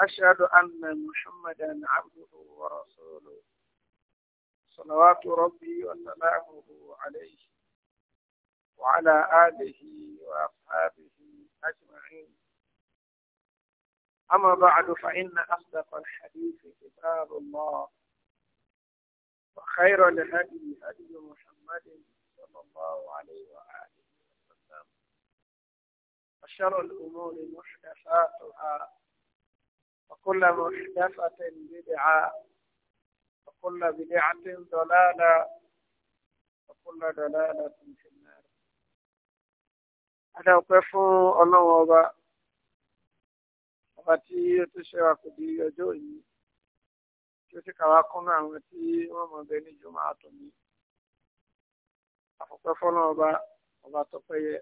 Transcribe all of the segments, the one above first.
وأشهد أن محمدا عبده ورسوله صلوات ربي وسلامه عليه وعلى آله وأصحابه أجمعين أما بعد فإن أصدق الحديث كتاب الله وخير الهدي هدي محمد صلى الله عليه وآله وسلم وشر الأمور محدثاتها وكل محدثة بدعة وكل بدعة ضلالة وكل ضلالة في النار هذا وقف الله وبا وقتي يتشوى قدي يجوي يتشوى كواكونا وقتي وما بين جمعة àfọ̀pẹ́ fọ́nà ọba ọba tọpẹ́yẹ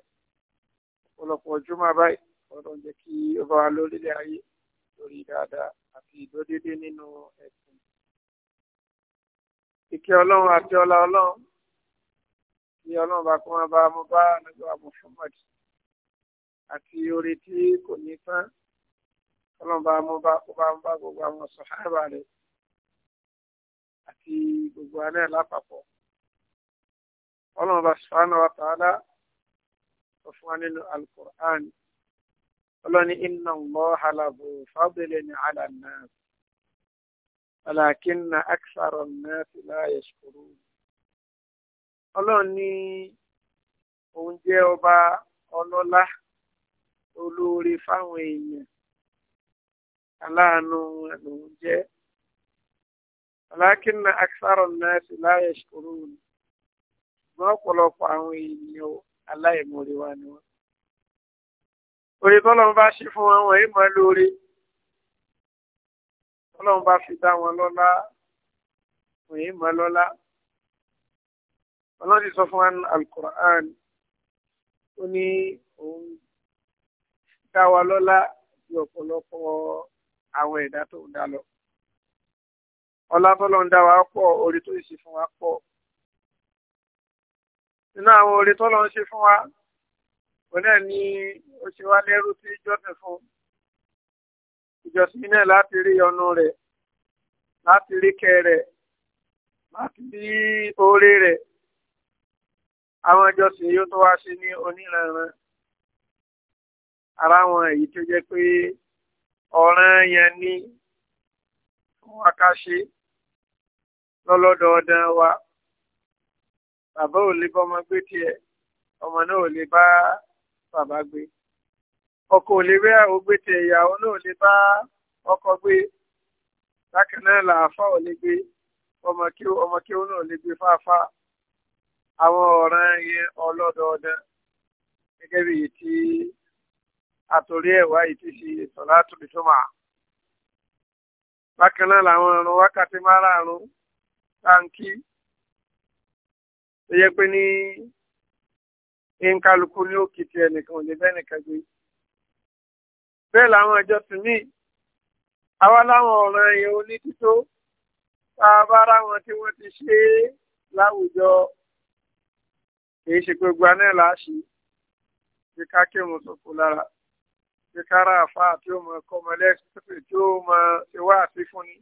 ọ̀pọ̀lọpọ̀ ọjọ́ máa báyìí ọ̀rọ̀ jẹ́ kí ọba lórí dáadáa àti ìdódédé nínú ẹ̀sìn. Ìkẹ́ ọlọ́run àti ọlá ọlọ́run kí ọlọ́run bá kó wọn bá mú bá nígbà Muhammad àti orí tí kò ní tán ọlọ́run bá mú bá kó bá mú bá gbogbo àwọn sọ̀hábà rẹ̀ àti gbogbo àná lápapọ̀. ọlọ́run bá subhanahu wa ta'ala sọ fún wa nínú alukur'an. ọlọ́ni iná lọ halabu fábílẹ̀ ní alànà alákin na aksarọ̀ náà láyé ṣòro ọlọ́ni òun jẹ́ ọba ọlọ́lá olóore fáwọn èèyàn aláàánú lòun jẹ́ alákin na aksarọ̀ náà láyé ṣòro ṣùgbọ́n ọ̀pọ̀lọpọ̀ àwọn èèyàn aláìmoore ni wọ́n. orí tọ́lọ́run bá ṣí fún wọn wọ̀nyí mọ́ lóore tọ́lọ́run bá fi dá wọn lọ́lá wọ̀nyí mọ́ lọ́lá ọlọ́run ti sọ fún wọn alukur'an ó ní òun dá wa lọ́lá ju ọ̀pọ̀lọpọ̀ àwọn ẹ̀dá tó ń dá lọ ọlá tọ́lọ́run dá wa pọ̀ orí tó ṣe fún wa pọ̀ nínú àwọn orí tọ́lọ́run ṣe fún wa òun ni ó ṣe wá lẹ́rú sí jọ́sìn fún ìjọsìn náà láti rí ọnu rẹ̀ láti rí kẹ rẹ̀ láti rí oore rẹ̀ àwọn ìjọsìn yóò tó wá sí ní oníranran ara wọn èyí tó jẹ́ pé ọ̀ràn yẹn ní fún wa ká ṣe lọ́lọ́dọọdán wa bàbá ò lè bọ́mọ gbé tiẹ̀ ọmọ náà ò lè bá bàbá gbé ọkọ ò lè rí àwọn gbé tẹ ìyàwó náà lè bá ọkọ gbé bákan náà làáfà ò lè gbé ọmọ kí ó náà lè gbé fáfá àwọn ọ̀ràn yẹn ọlọ́dọọdún gẹ́gẹ́ bí ti àtòrí ẹ̀wá yìí ti fi tó máa. bákan náà làwọn nkálukú ní òkìtì ẹnìkan ò lè bẹ́nìkan gbé. bẹ́ẹ̀ làwọn ẹjọ́ tún ní àwa láwọn ọ̀ràn ẹ̀yẹ onítító tá a bá ráwọn tí wọ́n ti ṣe é láwùjọ kì í ṣe pé gba náà láṣì kí ká kí òun sòkò lára kí ká ra àfáà tí ó mọ ẹ̀kọ́ ọmọlẹ́sẹ̀ tí ó mọ ìwà àti fúnni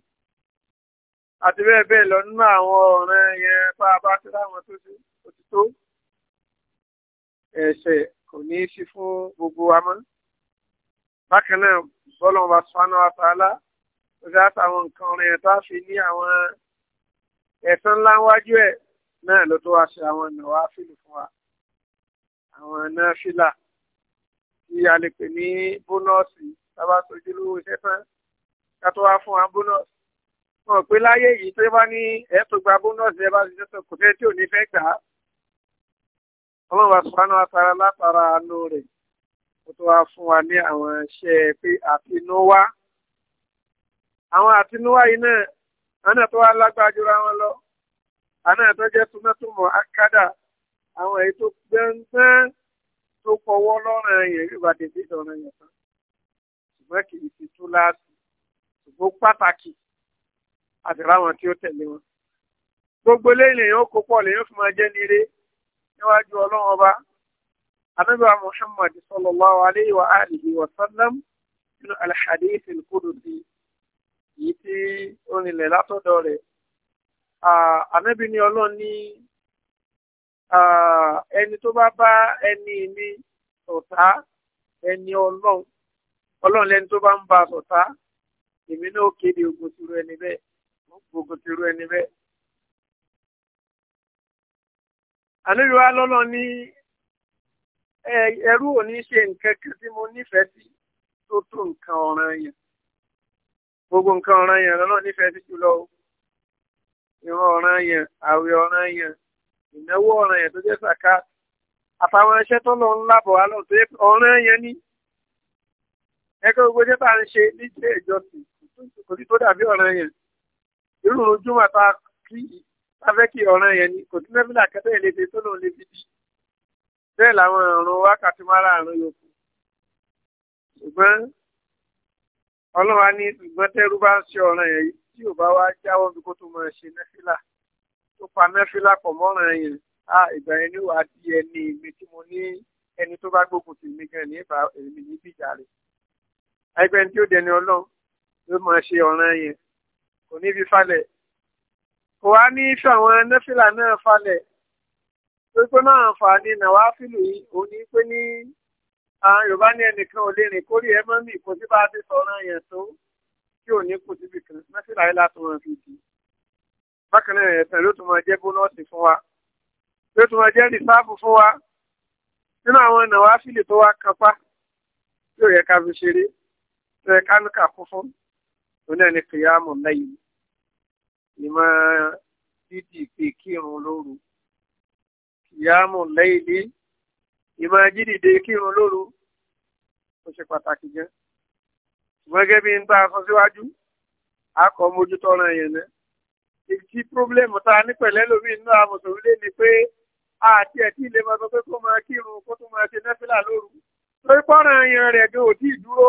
àti bẹ́ẹ̀ bẹ́ẹ̀ lọ nínú àwọn ọ̀ràn ẹ̀yẹ tá ti ráwọn tó ṣe òtítọ́ ẹ̀ṣẹ̀ kò ní í sí fún gbogbo wa mọ́. bákan náà bọ́lá ọba sọ́nà àtàlá ó ṣe àtàwọn nǹkan rẹ̀ tó a fi ní àwọn ẹ̀san ńlá wájú ẹ̀ náà ló tó wá ṣe àwọn ìnáwó fìlù fún wa àwọn náà fìlà tí a lè pè ní bónọ́ọ̀sì tábà sojú lówó iṣẹ́ tán ká tó wá fún wa bónọ́ọ̀sì wọn pé láyé yìí tó bá ní ẹ̀ tó gba bónọ́ọ̀sì ẹ bá ṣiṣẹ́ tó kò fẹ́ tí ò ní fẹ́ gbà á ọlọ́run wa sùpánù àtàrà látara àánú rẹ̀ ó tó wá fún wa ní àwọn iṣẹ́ pé àtinúwá àwọn àtinúwá yìí náà àná tó wá lágbára jura wọn lọ àná tó jẹ́ súnmọ́tòmọ́ akádà àwọn èyí tó gbẹ́ngbẹ́n tó fọwọ́ lọ́rùn ẹ̀yìn ìgbà dèbí ìdọ̀rùn ẹ̀yìn kan ṣùgbọ́n kì í ti tú láti ṣùgbọ́n pàtàkì àti ráwọn tí ó tẹ̀lé wọn gbogbo lẹ́yìn lèyìn ó kó pọ̀ lèyìn ó fi máa jẹ́ ní níwájú ọlọ́run ọba anábíà muhammad sallallahu alayhi wa alihi wa sallam nínú alhadith al-qudusi yìí tí ó nílẹ̀ látọ̀dọ̀ rẹ̀ anábì ní ọlọ́run ní ẹni tó bá bá ẹni mi ṣọ̀tá ẹni ọlọ́run ọlọ́run lẹ́ni tó bá ń ba ṣọ̀tá èmi náà kéde ogun tìrú ẹni bẹ́ẹ̀ ogun tìrú ẹni bẹ́ẹ̀. àníbi wa lọ́nà ní ẹrú ò ní ṣe nǹkan kan tí mo nífẹ̀ẹ́ sí tó tó nǹkan ọ̀ràn yẹn gbogbo nǹkan ọ̀ràn yẹn lọ́nà nífẹ̀ẹ́ sí jùlọ o ìran ọ̀ràn yẹn àwẹ̀ ọ̀ràn yẹn ìnáwó ọ̀ràn yẹn tó jẹ́ sàká àtàwọn iṣẹ́ tó lọ ń lábọ̀ wá tó yẹ ọ̀ràn yẹn ní ẹgbẹ́ gbogbo jẹ́ bá ń ṣe nílé ìjọsìn kò sí tó dàbí ọ̀ràn yẹn irú ojúmọ̀ tá a láfẹ́ kí ọ̀ràn yẹn ni kò tún nẹ́fìlà kẹtẹ́ yẹn lè fi tó lòun lè fi dì bẹ́ẹ̀ làwọn ọ̀run wákàtí mara àrùn yòókù ṣùgbọ́n ọlọ́wà ní ṣùgbọ́n tẹ́rú bá ń ṣe ọ̀ràn yẹn tí ò bá wá jáwọ́ bí kò tó máa ṣe nẹ́fìlà tó pa nẹ́fìlà pọ̀ mọ́ràn yẹn a ìgbà yẹn ni wàá di ẹni mi tí mo ní ẹni tó bá gbógun tì mí gan ní ìbá kò wá ní fàwọn nẹ́fìlà náà falẹ̀ tó pé máa fà ní nàwáfìlù yìí òun ní pé ní àwọn yorùbá ní ẹnìkan ò lè rìn kórè ẹ mọ́mì kò sí bá a ti sọ̀rọ̀ yẹn tó tí ò ní kù síbi kan nẹ́fìlà yìí láti wọn fi di bákan náà ẹ̀sán ló tún máa jẹ́ bónọ́ọ̀sì fún wa ló tún máa jẹ́ rìsáàbù fún wa nínú àwọn nàwáfìlù tó wá kápá tí yẹ ká fi ṣeré tó yẹ ká ní kà fún fún òun náà ní kìyàmù lẹ́yìn ìmọ̀ dídì pé kírun lóru ìyáàmù lẹ́yìnlẹ́ ìmọ̀ dídìde kírun lóru ó ṣe pàtàkì gan ṣùgbọ́n gẹ́gẹ́ bí n ta sọ síwájú a kọ́ mójútó ọ̀ràn yẹn náà ibi tí pírọ́blẹ́mù tá a ní pẹ̀lẹ́ lómi inú àmọ̀sòrò lé ni pé àti ẹ̀ ilé máa sọ pé kó máa kírun kó tún máa ṣe nẹ́fìlà lóru torí pọ́nrán yẹn rẹ̀ gan ò tí ì dúró.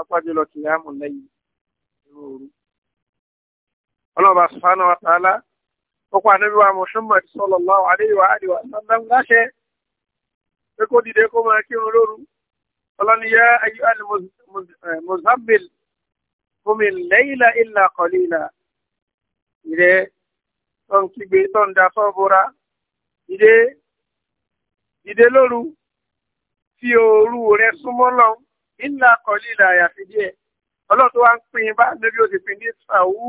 apájọlọ kìyàmù lẹ́yìn irú òru. ọlọ́ọ̀bà subhanahu wa ta'ala ó pa ànábì wa Muhammad sallallahu alayhi wa alihi wa sallam láṣẹ pé kó dìde kó máa kírun lóru ọlọ́ni yá ayé al-muzambil omi layla illa qalila ìrẹ́ tó kígbe tó ń da sọ́bùra dìde dìde lóru fi òru rẹ súnmọ́ lọ́wọ́ ìlà kọ̀lí ìlà àyàfi díẹ̀ ọlọ́run tó wá ń pín in bá lórí ó ti pín ní sàwú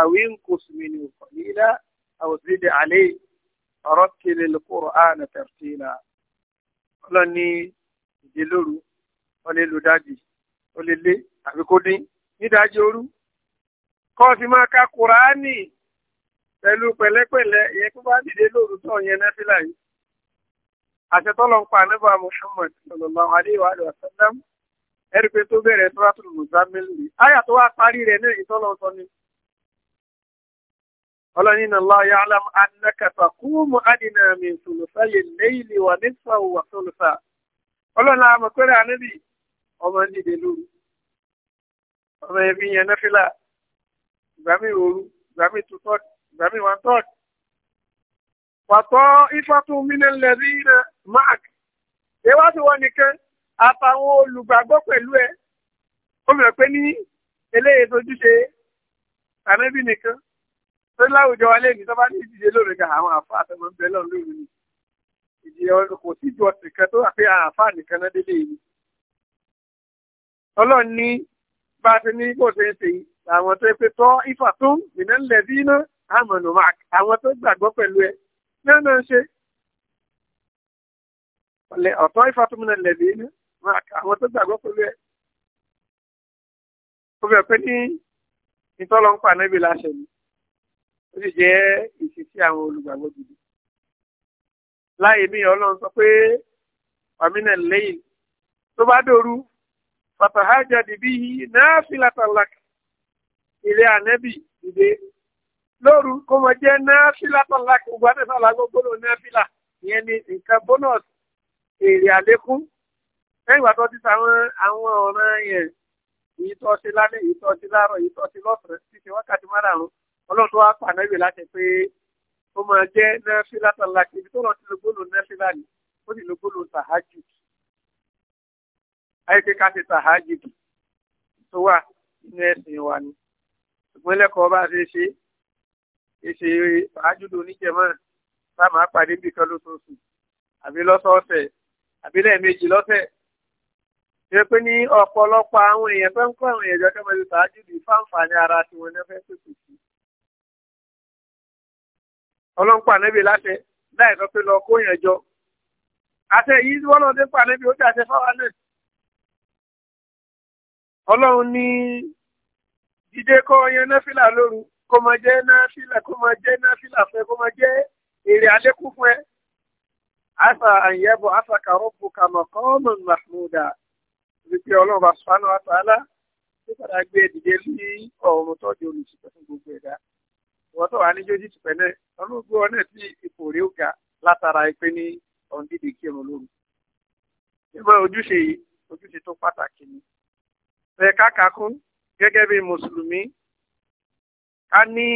àwí ń kò sùn ní kọ̀lí ìlà àwòsíde àlẹ́ ọ̀rọ̀ kele lukuru àna tẹ̀síìlà ọlọ́run ní ìdè lóru wọ́n lè lo dájì ó lè lé àbí kó dín nídàájí òru kọ́ ọ sì máa ka kùránì pẹ̀lú pẹ̀lẹ́pẹ̀lẹ́ ìyẹn tó bá dìde lóru tó yẹn náfìlà yìí àṣetọ́lọ́ ń pa ànábà Muhammad sallallahu alaihi wa sallam ẹ̀rí pé tó bẹ̀rẹ̀ sọ́ràtún mùsàmílì àyà tó wá parí rẹ̀ náà ìtọ́lọ̀ sọ ni. ọlọ́ni náà lọ ya alam anakata kúmù adìnà mi sùlùfà yìí léyìlì wà ní sọ̀wù wà sùlùfà. ọlọ́ni àmọ̀ pẹ́rẹ́ ànábì ọmọ nídìí lóru. ọmọ ẹbí yẹn náà fìlà gbàmí òru gbàmí tutọ́ọ̀kì gbàmí wọn tọ́ọ̀kì. wàtọ́ ifá tún mílẹ̀ lẹ́rìí rẹ̀ máàkì. èèwà ti nìkan àtàwọn olùgbàgbọ́ pẹ̀lú ẹ ó mọ̀ pé ní eléyìí tójúṣe ànábì nìkan tó láwùjọ wa lẹ́yìn tó bá ní ìdíje lórí ga àwọn àfa àtọmọ ń bẹ lọ lórí ni ìdíje kò sí ju ọ̀sẹ̀ kan tó wà pé àfa nìkan náà délé yìí ọlọ́run ní bá a ti ní bó ṣe ń ṣe àwọn tó pe tọ́ ifá tó ń gbìnà ń iná àmọ̀nà mark àwọn tó gbàgbọ́ pẹ̀lú ẹ náà náà ṣe ọ̀tọ́ ifá tó ń lẹ̀bí iná máa ka àwọn tó gbàgbọ́ pẹ̀lú ẹ̀. ó bẹ̀rẹ̀ pé ní ìtọ́lọ́ ń pa níbi láṣẹ ni ó sì jẹ́ ìṣesí àwọn olùgbàgbọ́ gidi. láyé mi ọlọ́run sọ pé wàmínà lẹ́yìn tó bá dòru fàtàhájà dìbí náà filatalak ilé ànẹ́bì dìde lóru kó mọ jẹ́ náà filatalak gbogbo àtẹ̀sán làgbọ́ gbọ́dọ̀ náà fila ìyẹn ni nǹkan bónọ́ọ̀sì èrè àlékún lẹ́yìn ìgbà tó ti sàwọn àwọn ọ̀ràn yẹn èyí tó ṣe lálẹ́ èyí tó ṣe láàárọ̀ èyí tó ṣe lọ́sàn-án ti ṣe wákàtí márùn-ún ọlọ́run tó wá pànẹ́wì láti pé ó máa jẹ́ nẹ́fílà tọ́lá ibi tó lọ ti lo gbólóhùn nẹ́fílà ni ó sì lo gbólóhùn tàhájù àyíké ká ṣe tàhájù tó wà nínú ẹ̀sìn wa ni ṣùgbọ́n lẹ́kọ̀ọ́ bá ṣe ṣe èṣe tàhájù ló níjẹ̀mọ́ tá a máa pàdé bìkan lóṣooṣù àbí lọ́sọ̀ọ̀sẹ̀ àbí lẹ́ẹ̀mejì lọ́sẹ̀ ṣe pé ní ọ̀pọ̀lọpọ̀ àwọn èèyàn fẹ́ ń kọ́ àwọn èèyàn jọ́jọ́ mọ́lẹ́ ṣáájú bíi fáǹfààní ara tiwọn náà fẹ́ pèsè sí. ọlọ́npàá níbi láṣẹ láì sọ pé lọ kó yẹn jọ. àṣẹ yìí tí wọ́n lọ dé pàdé bí ó ti àṣẹ fáwọn náà. ọlọ́run ní dídé kọ́ yẹn náfìlà lóru kó máa jẹ́ náfìlà kó máa jẹ́ náfìlà fẹ́ kó máa jẹ́ èrè àlékún fún ẹ. àṣà àyẹ̀bọ̀ àṣà kàrọ́pù wípé ọlọ́run bá sọ́nà àtàlà tó padà gbé dìde ní ọ̀run tọ́jú olùsìpẹ̀ fún gbogbo ẹ̀dá ìwọ́n tó wà ní jójì tìpẹ́ náà ọlọ́run gbé ọ̀nà tí ipò rẹ̀ ga látara pé ní ọ̀n dídì kírun lóru. ìmọ̀ ojúṣe yìí ojúṣe tó pàtàkì ni. bẹ́ẹ̀ káka kún gẹ́gẹ́ bí mùsùlùmí ká ní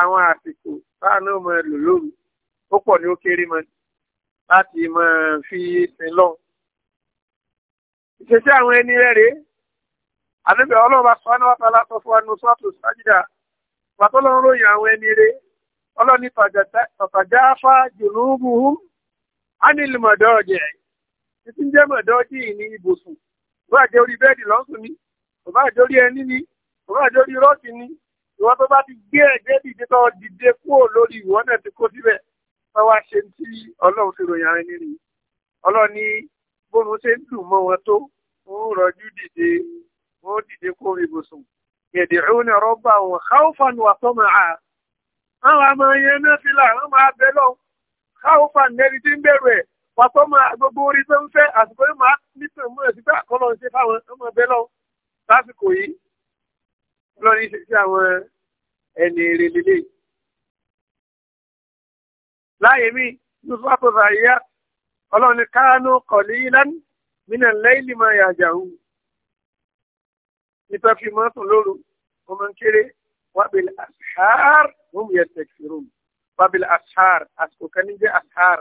àwọn àsìkò táà náà mọ̀ lò lóru ó pọ̀ ní ó kéré mọ́ láti mọ̀ fi sin lọ́hùn ìṣesí àwọn ẹni rere àdébẹ̀ ọlọ́ọ̀bá sọ́nà látọ̀ fún ẹnu sọ́ọ̀tù sájídà pàtó ń ròyìn àwọn ẹni rẹ̀. ọlọ́ni ánìlì títí ń jẹ́ ní ibùsùn bó àjẹ́ orí bẹ́ẹ̀dì lọ́sùn ni kò bá àjẹ́ orí ẹni ni kò bá àjẹ́ orí ni tó bá ti gbé dìde tó dìde kúrò lórí náà ti kó síbẹ̀ wọ́n rọjú dìde wọ́n dìde kó ibùsùn yẹ̀dìrún rọ́bà wọn káwọ́fàn wà tọ́mọ̀ à àwọn àmọ́ yẹn náà fi là wọ́n máa bẹ̀ lọ káwọ́fàn nẹ́ni tí ń bẹ̀rù ẹ̀ wà tọ́mọ̀ gbogbo orí tó ń fẹ́ àsìkò yìí máa nítorí mú ẹ̀sìn pé àkọlọ́ ṣe fáwọn ọmọ bẹ̀ lọ lásìkò yìí lọ́ni ṣe sí àwọn ẹni èrè lélẹ̀ láyé mi nusratu zayat ọlọ́ni kánú kọ̀lí lánìí mínà láìlì máa yà àjàhù nípa fi máa sùn lóru ọmọ kéré wàbílì ashar wọn yẹ tẹkisirò wàbílì ashar àsìkò kan ní jẹ ashar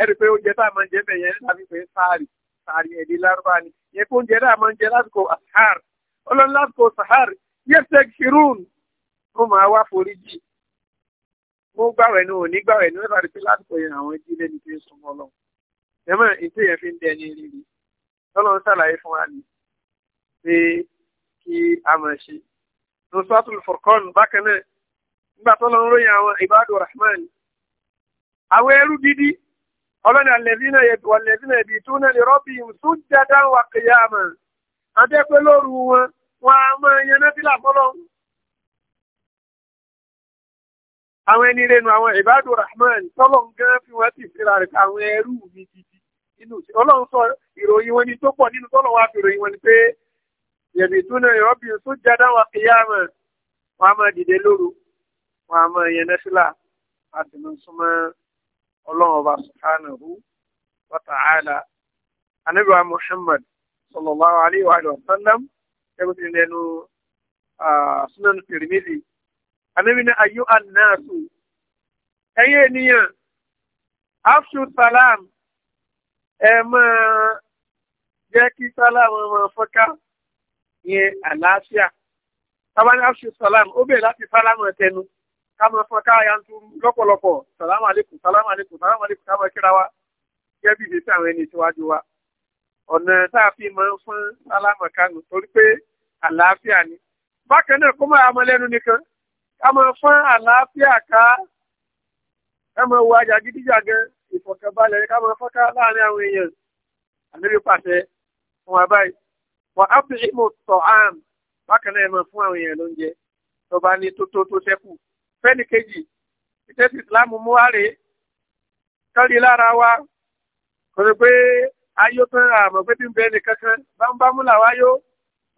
ẹ̀rí pé oúnjẹ tá a máa ń jẹ bẹ́ẹ̀ yẹn láti pé sáàrì sáàrì ẹ̀dí lárúbá ni yẹ kó oúnjẹ tá a máa jẹ lásìkò ashar ọlọ́run lásìkò sahar yẹ tẹkisirò wọn máa wá foríjì mo gbàwẹ̀ ní òní gbàwẹ̀ ní wọ́n bá rí pé lásìkò yẹn àwọn ẹbí lẹ́nu tó ń sọmọ́ lọ. ẹ̀mọ́ ìtẹ̀yẹ̀ fi ń dẹni rírì tọ́lọ́run ṣàlàyé fún wa ní pé kí a mọ̀ ṣe. Nusratul Furqan bákan náà nígbà tọ́lọ́run ròyìn àwọn ìbádù Rahman. Àwọn ẹrú gidi ọlọ́ni alẹ́zínà yẹtù alẹ́zínà ẹ̀bí tún náà ní rọ́bì sujjadan wa qiyama. Adẹ́pẹ́ lóru wọn, wọn a máa yẹnà sílà fọ́lọ́. Àwọn ẹni rẹnu àwọn ìbádù Rahman tọ́lọ̀ gan fi wọ́n ti fi rà rẹ̀ àwọn ẹrú gidi inú ọlọ́run sọ ìròyìn wọn ni tó pọ̀ nínú tọ́lọ̀ wá fi ìròyìn wọn ni pé yẹ̀bì tún náà ìrọ́bì tó jáde wọn kì í yá mọ̀ wọn a máa dìde lóru wọn a máa yẹn nẹ́sílà a sì máa súnmọ́ ọlọ́run ọba subhanahu wa ta'ala anabi wa muhammad sallallahu alayhi wa sallam ẹgbẹ́ ti lẹ́nu sunan tirmidhi anabi ni ayu annaasu ẹ̀yẹ́ ènìyàn afshu salam ẹ máa jẹ́ kí sálámù máa fọ́ká yẹn àlàáfíà tábàní àṣù sálámù ó bẹ̀rẹ̀ láti sálámù ẹ̀tẹnu ká máa fọ́ká yanturu lọ́pọ̀lọpọ̀ sálámù àlékún sálámù àlékún sálámù àlékún ká máa kíra wa gẹ́gẹ́ bí ìdíje àwọn ẹni síwájú wa ọ̀nà tá a fi máa ń fún sálámù kánú torí pé àlàáfíà ni bákan náà kó máa mọ lẹ́nu nìkan ká máa fún àlàáfíà ká ká máa wo ajagídíjàgan ìfọ̀kànbalẹ̀ ká máa fọ́ká láàrin àwọn èèyàn ànábì pàṣẹ fún wa báyìí wà á fi ìmò tọ̀ àm bákan náà máa fún àwọn èèyàn lóúnjẹ tó bá ní tó tó tó ṣẹ́kù fẹ́ni kejì ìtẹ́sí ìsìláàmù mú wáre kọ́lí lára wa kò ní pé ayó tán àmọ́ pé bí ń bẹ ẹnì kankan bá ń bá múlà wá yó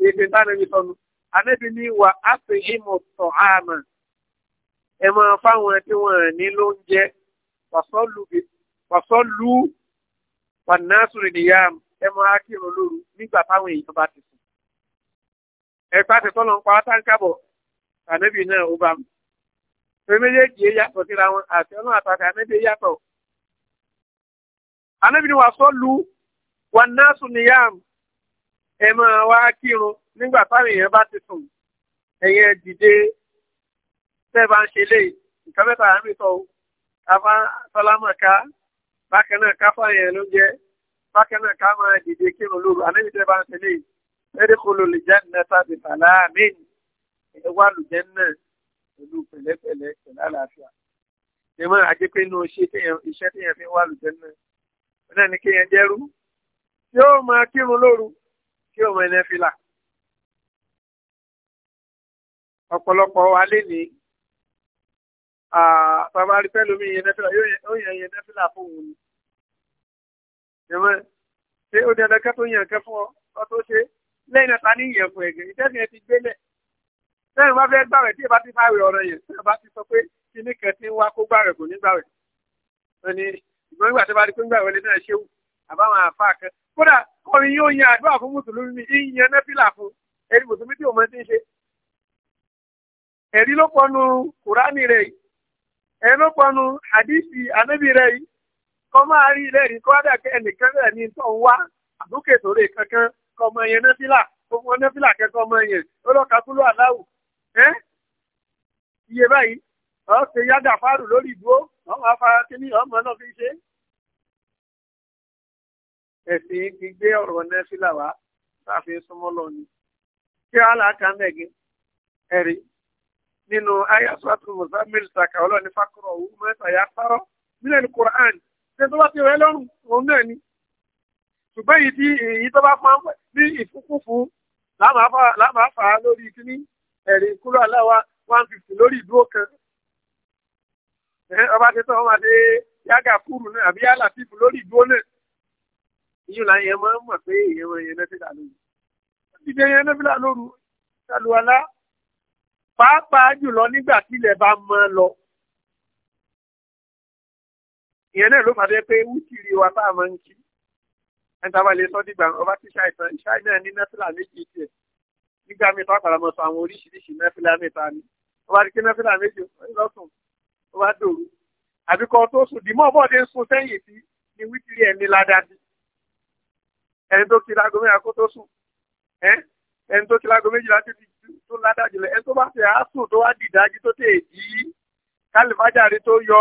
èdè ìtànàbí sọnù ànábì ní wà á fi ìmò tọ̀ àmà ẹ fáwọn tí wọ́n ní lóúnjẹ wàsọ́ọ̀lù bíi wàsọ́lù wànásùrì nìyàm ẹ máa kírun lóru nígbà táwọn èèyàn bá ti sùn. ẹ̀ka ti tọ́lọ̀ ń pa ọ́ táǹkàbọ̀ ànábì náà ó bá mu. pé méjèèjì yé yàtọ̀ síra wọn àti ọ̀nà àtàkà ànábì yàtọ̀. ànábì ni wàsọ́lù wànásùrì nìyàm ẹ máa wá kírun nígbà táwọn èèyàn bá ti sùn. ẹ̀yẹ dìde tẹ́ bá ń ṣe lé nǹkan mẹ́ta àmì sọ àfa sọlámọ̀ká bákan náà ká fáyẹn ló jẹ́ bákan náà ká máa dìde kírun lóru ànábi tẹ́ bá ń tẹ̀lé ẹ̀ẹ́dẹ́kọ̀ọ́ lè jẹ́ nẹ́ta ti fàlà míì ẹ wá lùjẹ́ náà pẹ̀lú pẹ̀lẹ́pẹ̀lẹ́ pẹ̀lú àlàáfíà. Ìmọ̀ àjẹpẹ́ inú iṣẹ́ téèyàn fi wà lùjẹ́ náà. Ọ̀nà ni kéèyàn jẹ́rú. Tí ó máa kírun lóru, kí ó máa ẹnẹ́ fìlà. Ọ̀pọ̀lọpọ̀ wa lé ní bàbá rí pẹ́ lómi yẹn nẹ́fìlà yóò yẹn yẹn nẹ́fìlà fún òun ni. Yẹ̀mọ́ ṣé ó ní ẹ̀dẹ́kẹ́ tó yàn kẹ́ fún ọ ọ tó ṣe lẹ́yìn náà ta ní yẹn fún ẹ̀gẹ́ ìtẹ́sìn yẹn ti gbélẹ̀. Sẹ́yìn bá fẹ́ gbàwẹ̀ tí ìbá ti fáwẹ̀ ọ̀rọ̀ yẹn sẹ́yìn bá ti sọ pé kíní kan ti ń wá kó gbàwẹ̀ kò ní gbàwẹ̀. Ẹni ìgbọ́n nígbà tó bá rí pé gbàwẹ̀ lè náà ṣéwù àbáwọn àfáà kan. Kódà kọrin yóò yan àdúrà fún mùsùlùmí ìyẹn nẹ́fìlà fún ẹni mùsùlùmí tí òun ti ń ṣe. Ẹ̀rí ẹ̀rọ́pọ̀nù àdìsí ànábì rẹ̀ yìí kọ́ máa rí ilé rí kọ́ dàkẹ́ ẹnìkan rẹ̀ ní tó ń wá àbúkè sórí kankan kọ́ ọmọ yẹn nẹ́fìlà gbogbo nẹ́fìlà kẹ́kọ́ ọmọ yẹn ọlọ́ka kúlọ̀ aláwù ẹ́ iye báyìí ọ̀ ṣe yáda fáàrù lórí ìdúró ọmọ afárá kínní ọmọ náà fi ṣe. ẹ̀sìn ti gbé ọ̀rọ̀ nẹ́fìlà wá láàfin súnmọ́ lọ ni kí aláàkà mẹ́gẹ́ ẹ̀rí nínú ayasọ́tún muzamil saka ọlọ́ni fakọrọ òun mẹ́ta ya sọ́rọ́ nílẹ̀ ní quran ṣé tó bá ti rẹ lọ́rùn òun náà ni ṣùgbọ́n èyí tí èyí tó bá pa ní ìfúkúfú lámàá fà á lórí kíní ẹ̀rí kúrò aláwa one fifty lórí ìdúró kan ọba tẹ́tọ́ wọn máa dé yága kúrú náà àbí yálà tìfù lórí ìdúró náà ìyún là yẹn máa ń mọ̀ pé èèyàn yẹn náà ti dà lóru dídé yẹn náà pàápàá jùlọ nígbà tílẹ̀ bá mọ́ lọ ìyẹn náà ló fà dé pé wútìrì wa tá a máa ń kí ẹnta bá lè sọ dìgbà ọba tí ṣàìsàn ṣáì náà ní nẹ́fìlà méjì tiẹ̀ nígbà míì tó àpàrà mọ̀ sọ àwọn oríṣiríṣi nẹ́fìlà mẹ́ta ni ọba ti kí nẹ́fìlà méjì lọ́sùn ọba dòru àbí kan tó sùn dìmọ́ bọ́ọ̀dé ń sun sẹ́yìn sí ni wítìrì ẹ̀ ní ládàbí ẹni tó kí lágọ́ mẹ́ta kó tó sùn ẹni tó kí lágọ́ méjìlá tó ládájú lẹ ẹni tó bá ṣe àásùn tó wá dìdájú tó tẹ̀ jí kálífàjáre tó yọ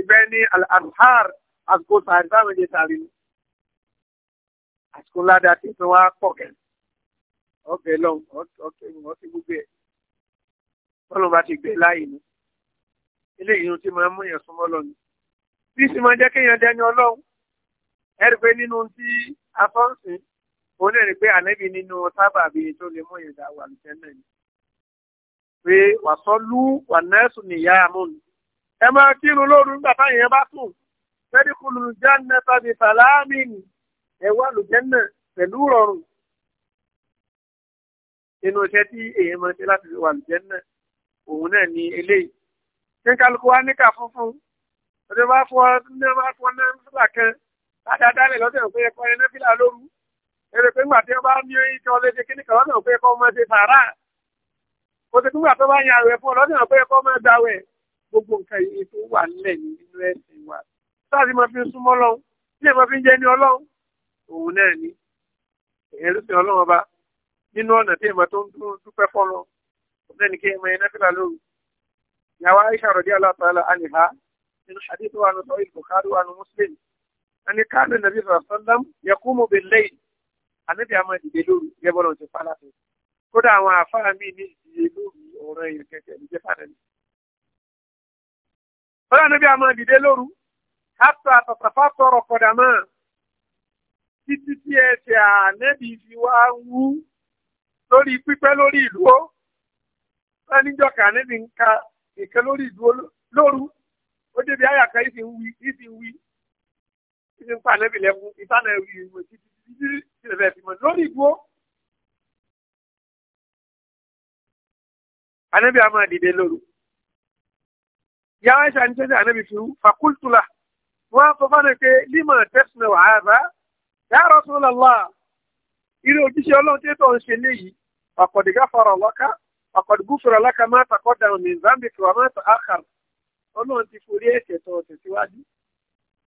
ibẹ̀ ní alhar àsìkò sàárì báwọn ṣe sàárì ni àsìkò ládàá tí wọ́n wá pọ̀ kẹ́ ọbẹ̀ lọ ọkẹ́ ọtí gbogbo ẹ̀ tọ́lọ́ bá ti gbé láàyè ni eléyìí ohun tí máa ń mú yẹn súnmọ́ lọ ni bí sì máa jẹ́ kéèyàn dẹni ọlọ́run ẹ̀rí pé nínú tí afọ́nsìn ó lè rí pé ànábì nínú sábàbí tó lè mú ìdá wà lùtẹ́ náà ni pé wàsọ́lú wà nẹ́sù nìyá àmúnu ẹ máa kírun lóru nígbà táyì yẹn bá sùn fẹ́díkùlù jáde tàbí sàlámìnì ẹ wà lùtẹ́ náà pẹ̀lú rọrùn inú iṣẹ́ tí èèyàn máa ṣe láti wà lùtẹ́ òun náà ni eléyìí kí kálukú wa níkà funfun ọdún bá fọ ọdún náà bá fọ náà fúlà kan pé ńgbà tí wọ́n bá ní kí wọ́n lè ṣe kíní kan lọ́nà pé kọ́ ọmọ ṣe tààrà ó ti fúngbà tó bá yan àwẹ̀ fún ọ lọ́nà pé kọ́ ọmọ ẹgbà wẹ̀ gbogbo nǹkan yìí tó wà nílẹ̀ nínú ẹ̀sìn wa sáàsì máa fi ń súnmọ́ lọ́hùn ilé máa fi ń jẹ́ ní ọlọ́hùn òun náà ni ẹ̀rúsìn ọlọ́run ọba nínú ọ̀nà tí èèmọ̀ tó ń dúpẹ́ fọ́lọ́ òun náà ni kí èèmọ̀ iná fìlà lóru ìyàwó Aisha radiyallahu ta'ala anha nínú hadith wa nù sọ ìlú Bukhari wa nù Muslim ẹni káàdì nàbí sallam yaqumu bil-layl ànábì àmọ́ ìdílé lóru gẹ́gẹ́ bọ́lá ti fàlà tó kódà àwọn àfáà mi ní ìdílé lóru ọ̀rọ̀ èèyàn kẹ̀kẹ́ ní jẹ́fà ni. bọ́lá ànábì àmọ́ ìdílé lóru hàtà àtàtàfà tọrọ kọ̀dà máa títí tí ẹsẹ̀ ànábì fi wá wú lórí pípẹ́ lórí ìdúró wọ́n níjọ́ kà ànábì ń ka ìkẹ́ lórí ìdúró lóru ó débi àyàkà ìsìn wí ìsìn wí ìsìn pa ànábì lẹ́kún ìtànà ìwé ìwé títí títí ìrẹ̀ fẹ́ bímọ lórí ìdúró. anabi a máa dìde lóru yàrá ìṣàn tẹ́sí anabi fi fakultula wọn sọ fún mi pé lima tẹ́sán wà á bá ya Rasulullah irú ojúṣe ọlọ́run tí tó ń ṣe léyìí ọ̀kọ̀dì gáfọ̀rọ̀ lọ́ka ọ̀kọ̀dì gúfọ̀rọ̀ lọ́ka máa tàkọ́ dànù ní zambia kí wọ́n máa tà áhàr ọlọ́run ti forí ẹ̀ṣẹ̀ tó tẹ̀síwájú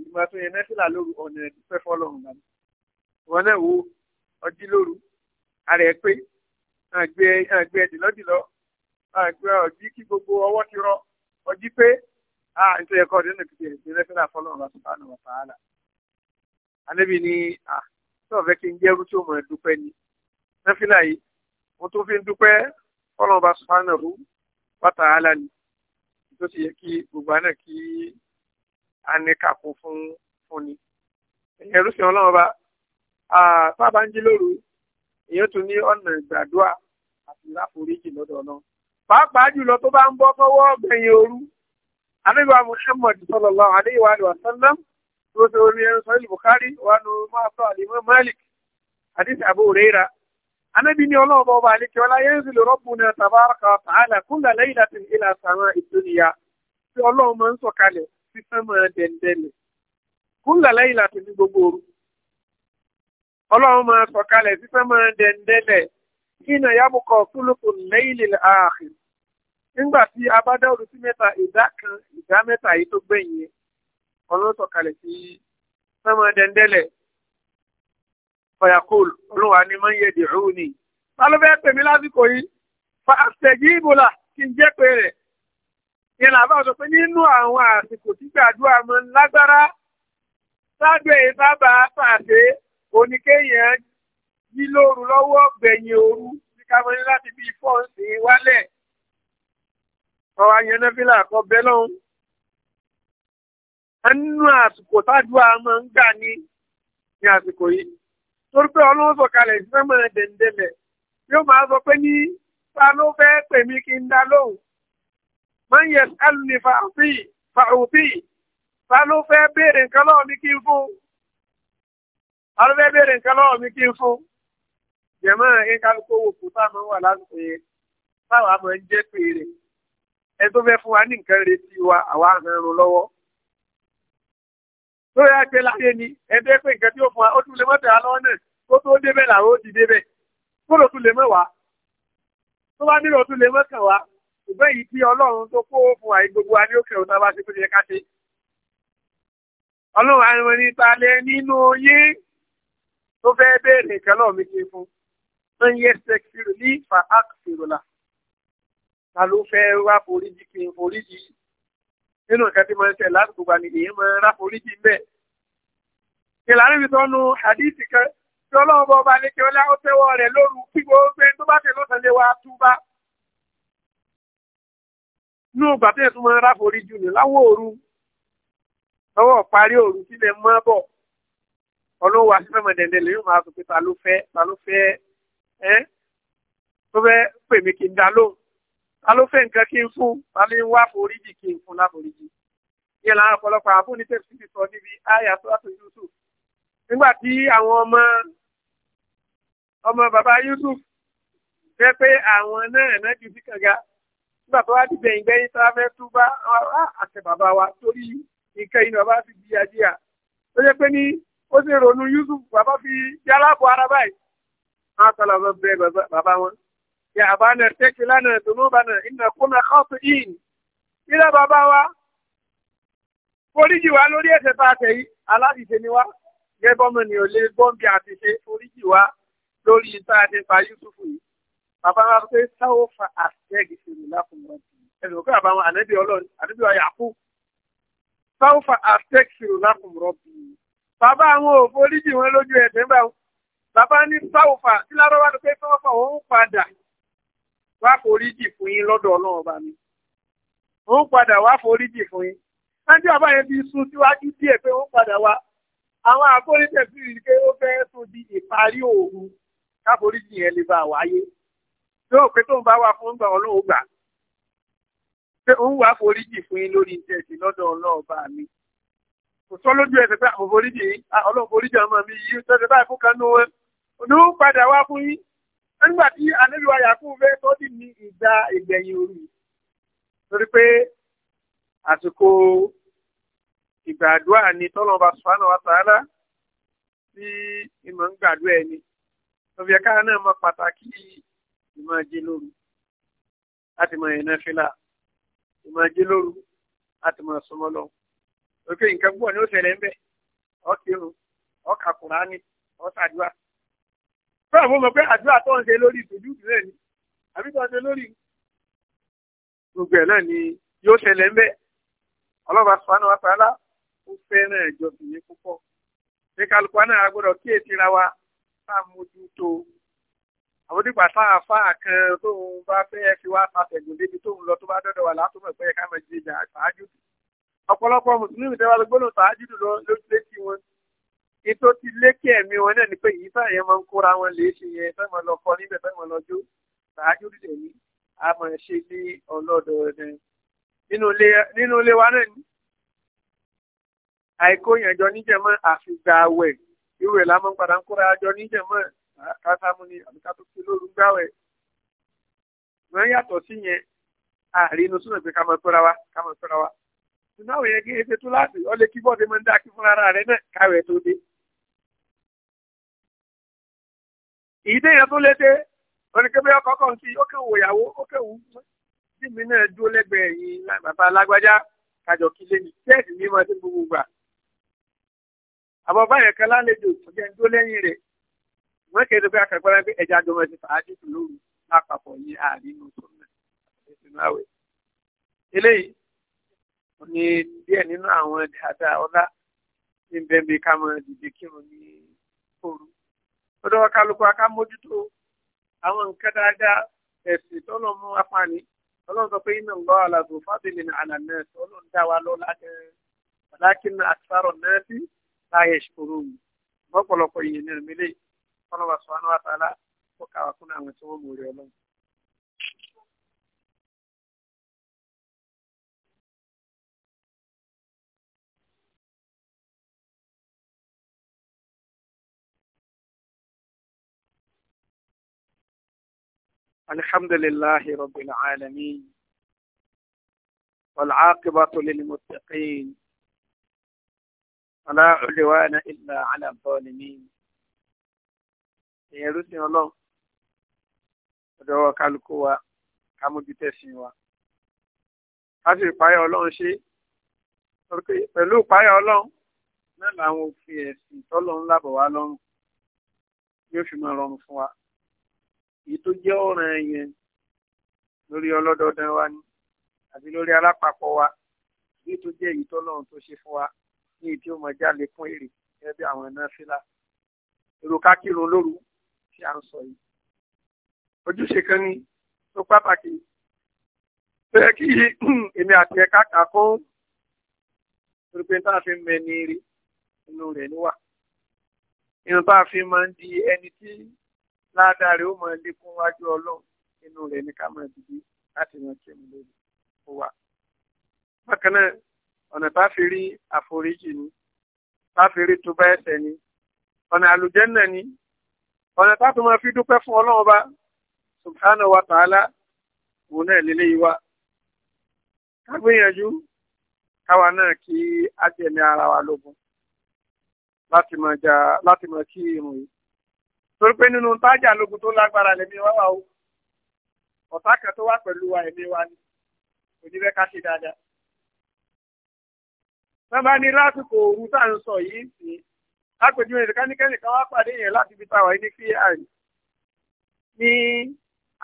ìgbìmọ̀ tó yẹ nẹ́fìlà lóru ọ̀nà ìdúpẹ́ fọlọ́run bàbá wọn náà wo ọjí lóru ara ẹ pé àgbẹ̀ dìlọ́dìlọ́ àgbẹ̀ ọjí kí gbogbo ọwọ́ ti rọ ọjí pé nítorí ẹ̀kọ́ ọdún nìkìtì ẹ̀sìn nẹ́fìlà fọlọ́run bàbá sùpánù ọ̀tá àlà àlẹ́bí ni sọ̀rọ̀ fẹ́ kí n jẹ́rú tí ó mọ̀ ẹ́ dúpẹ́ ni nẹ́fìlà yìí mo tún fi ń dúpẹ́ fọlọ́run bàbá sùpánù ọ̀tá àlà ni tó ti yẹ kí gbogbo àná kí a ní kàkún fún fún ni ẹ̀rú sí ọlọ́run bá bàbá ń jí lóru èèyàn tún ní ọ̀nà ìgbàdúrà àti láforíjì lọ́dọ̀ náà pàápàá jùlọ tó bá ń bọ́ fọwọ́ gbẹ̀yìn òru ànábì wa Muhammad sallallahu alayhi wa sallam tó ṣe orí ẹnu sọ ìlú Bukhari wà nù máa sọ àlìmọ́ Malik àdìsí Abu Huraira ànábì ní ọlọ́run bá ọba àlekè ọlá yanzilu rabbuna tabaraka wa ta'ala kulla laylatin ila sama'i dunya tí ọlọ́run máa ń sọ̀kalẹ̀ fẹ́ máa dẹ̀ndẹ̀lẹ̀ kúńlá lẹ́yìn láti ní gbogbo òru ọlọ́run máa sọ̀kalẹ̀ sí fẹ́ máa dẹ̀ndẹ̀lẹ̀ kí iná yábùkọ̀ túlùkù lẹ́yìn ààrùn nígbà tí a bá dá òru sí mẹ́ta ìdá kan ìdá mẹ́ta yìí tó gbẹ̀yìn ọlọ́run sọ̀kalẹ̀ sí fẹ́ máa dẹ̀ndẹ̀lẹ̀ fọyàkóòlù olúwa ni máa ń yẹ dìrú ni. ta ló fẹ́ pèmí lásìkò yìí fa àtẹ̀jíìbò là kí n jẹ́ pé rẹ̀ yẹn làbá sọ pé nínú àwọn àsìkò tí gbàdúrà mọ lágbára sábẹ́ ìbábà pàdé oníkéèyàn yí lóru lọ́wọ́ gbẹ̀yìn òru ní kámọ́ni láti bí fọ́ǹsì wálẹ̀ ọ̀rọ̀ ayẹnẹ́fílà kọ bẹ́ẹ̀ lọ́hùn. ẹnu àsìkò tádùá máa ń gbà ní ní àsìkò yìí torí pé ọlọ́run sọ̀kalẹ̀ ìfẹ́ mọ̀ dẹ̀ndẹ̀lẹ̀ yóò máa sọ pé ní ta ló fẹ́ pè kí n dá lóhùn man yas'alni fa'uti fa'uti ta ló fẹ́ béèrè nǹkan lọ́wọ́ mi kí n fún ta ló fẹ́ béèrè nǹkan lọ́wọ́ mi kí n fún jẹ̀mọ́ ìkálukú owó kù táwọn wà lásìkò yẹn táwọn àmọ́ ń jẹ́ péré ẹ tó fẹ́ fún wa ní nǹkan retí wa àwa àhàn ẹrù lọ́wọ́ tó yà gbé láyé ni ẹgbẹ́ pé nǹkan tí ó fún wa ó tún lè mọ́ tẹ̀ náà kó tó débẹ̀ làwọn ó di débẹ̀ kó ló tún lè mọ́ wá tó bá nílò tún lè mọ́ kàn wá ṣùgbọ́n èyí tí ọlọ́run tó kó fún àyè gbogbo wa ní òkè òun náà bá ṣe péjẹ ká ṣe. ọlọ́run àwọn ẹni ta lẹ nínú yín tó fẹ́ béèrè nǹkan náà mi ṣe fún ń yẹ sẹ́kìrì ní fa àkùsìrìlà ta ló fẹ́ wá foríjì kí n foríjì nínú nǹkan tí mo ń ṣe lásìkò gbà ní èyí máa ń rá foríjì ń bẹ̀. ìlànà ibi tó nu hadith kan tí ọlọ́run bọ́ ọba ní kí ọlá ó tẹ́wọ́ rẹ̀ lóru kí gbogbo ẹni tó bá tẹ̀ lọ́sàn-án lé wa túbá ní ògbà tẹ́yẹ̀ tó máa ráforí jù ní láwọ̀ òru lọ́wọ́ parí òru sílẹ̀ mọ́ bọ̀ ọlọ́wọ́ asífẹ́mọ̀ dẹ̀ndẹ̀ lè yóò máa sọ pé ta ló fẹ́ ta ló fẹ́ ẹ́ tó fẹ́ pè mí kí n dá lóhùn ta ló fẹ́ nǹkan kí n fún ta ló ń wá foríjì kí n fún láforíjì yẹn làwọn ọ̀pọ̀lọpọ̀ àbúrò ní tẹ̀sí ti sọ níbi àyà tó láti Yusuf nígbà tí àwọn ọmọ ọmọ bàbá Yusuf fẹ́ pé àwọn náà náà ju sí kànga nígbà tó wá dìbẹ̀ ìgbẹ́yìn tá a fẹ́ tú bá àṣẹ bàbá wa torí nǹkan inú bàbá fi di ajíyà ó jẹ́ pé ní ó sì ronú Yusuf bàbá fi di aláàbọ̀ ara báyìí wọn sọ làwọn bẹ bàbá wọn yà àbánà tẹ́kì lánàá dùnú bánà ìnà kúnà káàtó yìí nílá bàbá wa foríjì wa lórí ẹ̀ṣẹ̀ tá a tẹ̀ yìí aláṣìṣe ni wa gẹ́gẹ́ bọ́mọ ni ò lè gbọ́n bí àṣìṣe foríjì wa lórí ìta àti ìfà Yusuf yìí bàbá wa pé sáwọ́ fa àtẹ́gì fèrè lákùnrin ẹnì òkè àbáwọn ànábì ọlọ́run ànábì wa yàkú sáwọ́ fa àtẹ́gì fèrè lákùnrin bàbá àwọn òforíjì wọn lójú ẹ̀sẹ̀ ń bá wọn bàbá ní sáwọ́ fa tí lárọ́ wa ló pé sáwọ́ fa òun padà wá foríjì fún yín lọ́dọ̀ ọlọ́run ọba mi òun padà wá foríjì fún yín ẹjọ́ àbáyẹn bí sún síwájú díẹ̀ pé wọ́n padà wá àwọn àforíjì ẹ̀ sì rí i pé ó fẹ́ yóò pé tóun bá wà fún gbà ọlọ́run gbà pé òun wà foríjì fún yín lórí iṣẹ́ ìsìn lọ́dọ̀ ọlọ́ọ̀bá mi kò sọ lójú ẹsẹ̀ pé àwọn ah, foríjì yín ah, ọlọ́run foríjì ọmọ mi yìí tó ṣe báyìí fún kan nù wọn òun padà wá fún yín nígbà tí anábìwá yàkùn fẹ́ tó dì ní ìgbà ìgbẹ̀yìn orí torí pé àsìkò ìgbàdúrà ni tọ́lọ́ba sùfánà wa tààlà tí ìmọ̀ ń gbàdúrà ẹni tó náà mọ pàtàkì ìmọ̀ ajé lóru láti mọ ìrìnà fìlà ìmọ̀ ajé lóru láti mọ súnmọ́ lọ. òkè nǹkan púpọ̀ ni ó ṣẹlẹ̀ ń bẹ̀ ọ̀kìrun ọ̀kà kùránì ọ̀sàdúrà. fún àwọn ọmọ pé àdúrà tó ń ṣe lórí ìtòjú ìbílẹ̀ ni àbí tó ń ṣe lórí gbogbo ẹ̀ náà ni yóò ṣẹlẹ̀ ń bẹ̀. ọlọ́ba sọ́nà wa ó fẹ́ràn ìjọ àwọn onígbà sáàfà kan tóun bá fẹ́ fi wá pàtẹ́gùn débi tóun lọ tó bá dọ́dọ̀ wà látọ̀mọ̀ pé ká máa jíjà ṣáájú ọ̀pọ̀lọpọ̀ mùsùlùmí tẹ́wà ló gbọ́dọ̀ ṣáájú lọ létí wọn ètò ti lékè ẹ̀mí wọn náà ni pé èyí táyẹ̀ máa ń kóra wọn lè ṣe yẹn fẹ́ mọ́ lọ kọ́ níbẹ̀ fẹ́ mọ́ lọ jó ṣáájú lè ní a mọ̀ ṣe ní ọlọ́dọ̀ ẹ̀ nínú ilé wa náà ni àìkóyànjọ níjẹ̀mọ́ àfìgbà kásámú ni àbí ká tó ṣe lóru gbáwẹ̀ wọ́n yàtọ̀ sí yẹn àárín inú súnà pé ká máa pẹ́ra wa ká máa pẹ́ra wa ṣùgbọ́n àwọn yẹn kí efe tó láti ọ lè kí bọ́ọ̀dù máa ń dá kí náà káwẹ̀ tó dé. ìdí yẹn tó léde oníkébé kan sí ó ìyàwó ó mi náà dúró yìí bàbá alágbájá kájọ kí lé ní tẹ́ẹ̀sì ní ma ti gbogbo gbà. àbọ̀ báyẹn kan lálejò lẹ́yìn rẹ̀ wọ́n kéde pé akẹ́kọ̀ọ́ pé ẹja jọmọ ti fàájì tó lóru lápapọ̀ ní àárín inú sọ́nà ìsinú àwẹ̀. eléyìí ó ní díẹ̀ nínú àwọn dáadáa ọlá ní bẹ́ẹ̀ bí ká máa dìde kírun ní òru. ó dọ́wọ́ kálukú aká mójútó àwọn nǹkan dáadáa ẹ̀sìn tọ́lọ̀ mú apani ọlọ́run sọ pé iná ń lọ àlàzò fábìlì ní àlà nẹ́ẹ̀sì ọlọ́run dá wa lọ lágẹ̀ẹ́ ọ̀làkínà àtisárọ̀ nẹ́ẹ̀sì láyé ìṣòro yìí mọ́pọ̀lọpọ̀ ìyẹn ní ìrìnlẹ̀ yìí. kọ́lọ́wà sọ́nù àtàlà kó kàwá fún àwọn الحمد لله رب العالمين والعاقبة للمتقين ولا عدوان إلا على الظالمين èèyàn ló sìn ọlọ́run ọ̀dọ̀ kálukú wa ká mójú tẹ̀sìn wa ká sì páyà ọlọ́run ṣe pẹ̀lú páyà ọlọ́run náà làwọn òfin ẹ̀sìn tọ́lọ́run lábọ̀ wá lọ́rùn yóò fi máa rọrùn fún wa èyí tó jẹ́ ọ̀ràn yẹn lórí ọlọ́dọọdún wa ni àbí lórí alápapọ̀ wa èyí tó jẹ́ èyí tọ́lọ́run tó ṣe fún wa ní èyí tí ó máa jáde fún èrè gẹ́gẹ́ bí àwọn náà fílà èrò ká lóru tí a ń sọ yìí ojúṣe kan ni tó pàtàkì tó yẹ kí èmi àti ẹ̀ka kà fún torí pé tá a fi mẹ rí inú rẹ̀ níwà inú tá a fi máa ń di ẹni tí ládàá rẹ̀ ó máa lékún wájú ọlọ́run inú rẹ̀ ní ká máa dìde láti rántí ẹ̀mí lórí fún wa. bákan náà ọ̀nà tá a fi rí àforíjì ni tá a fi rí túbọ̀ ẹ̀ṣẹ̀ ni ọ̀nà àlùjẹ́ náà ni ọ̀nà táàtù máa fi dúpẹ́ fún ọlọ́run ọba subhanahu wa ta'ala òun náà lélẹ́yìí wá ká gbìyànjú káwa náà kí á tẹ̀lé ara wa lógun láti máa jà láti máa kí irun yìí torí pé nínú tájà lógun tó lágbára lèmi wá wà o ọ̀tá kan tó wà pẹ̀lú wa ẹ̀mí wa ni oníbẹ̀ ká ṣe dáadáa. sábà ní lásìkò òru tá à ń sọ yìí sí i lápèjúwe ìdíkánikẹ́ni kan wá pàdé yẹn láti fi tàwa ní pr ní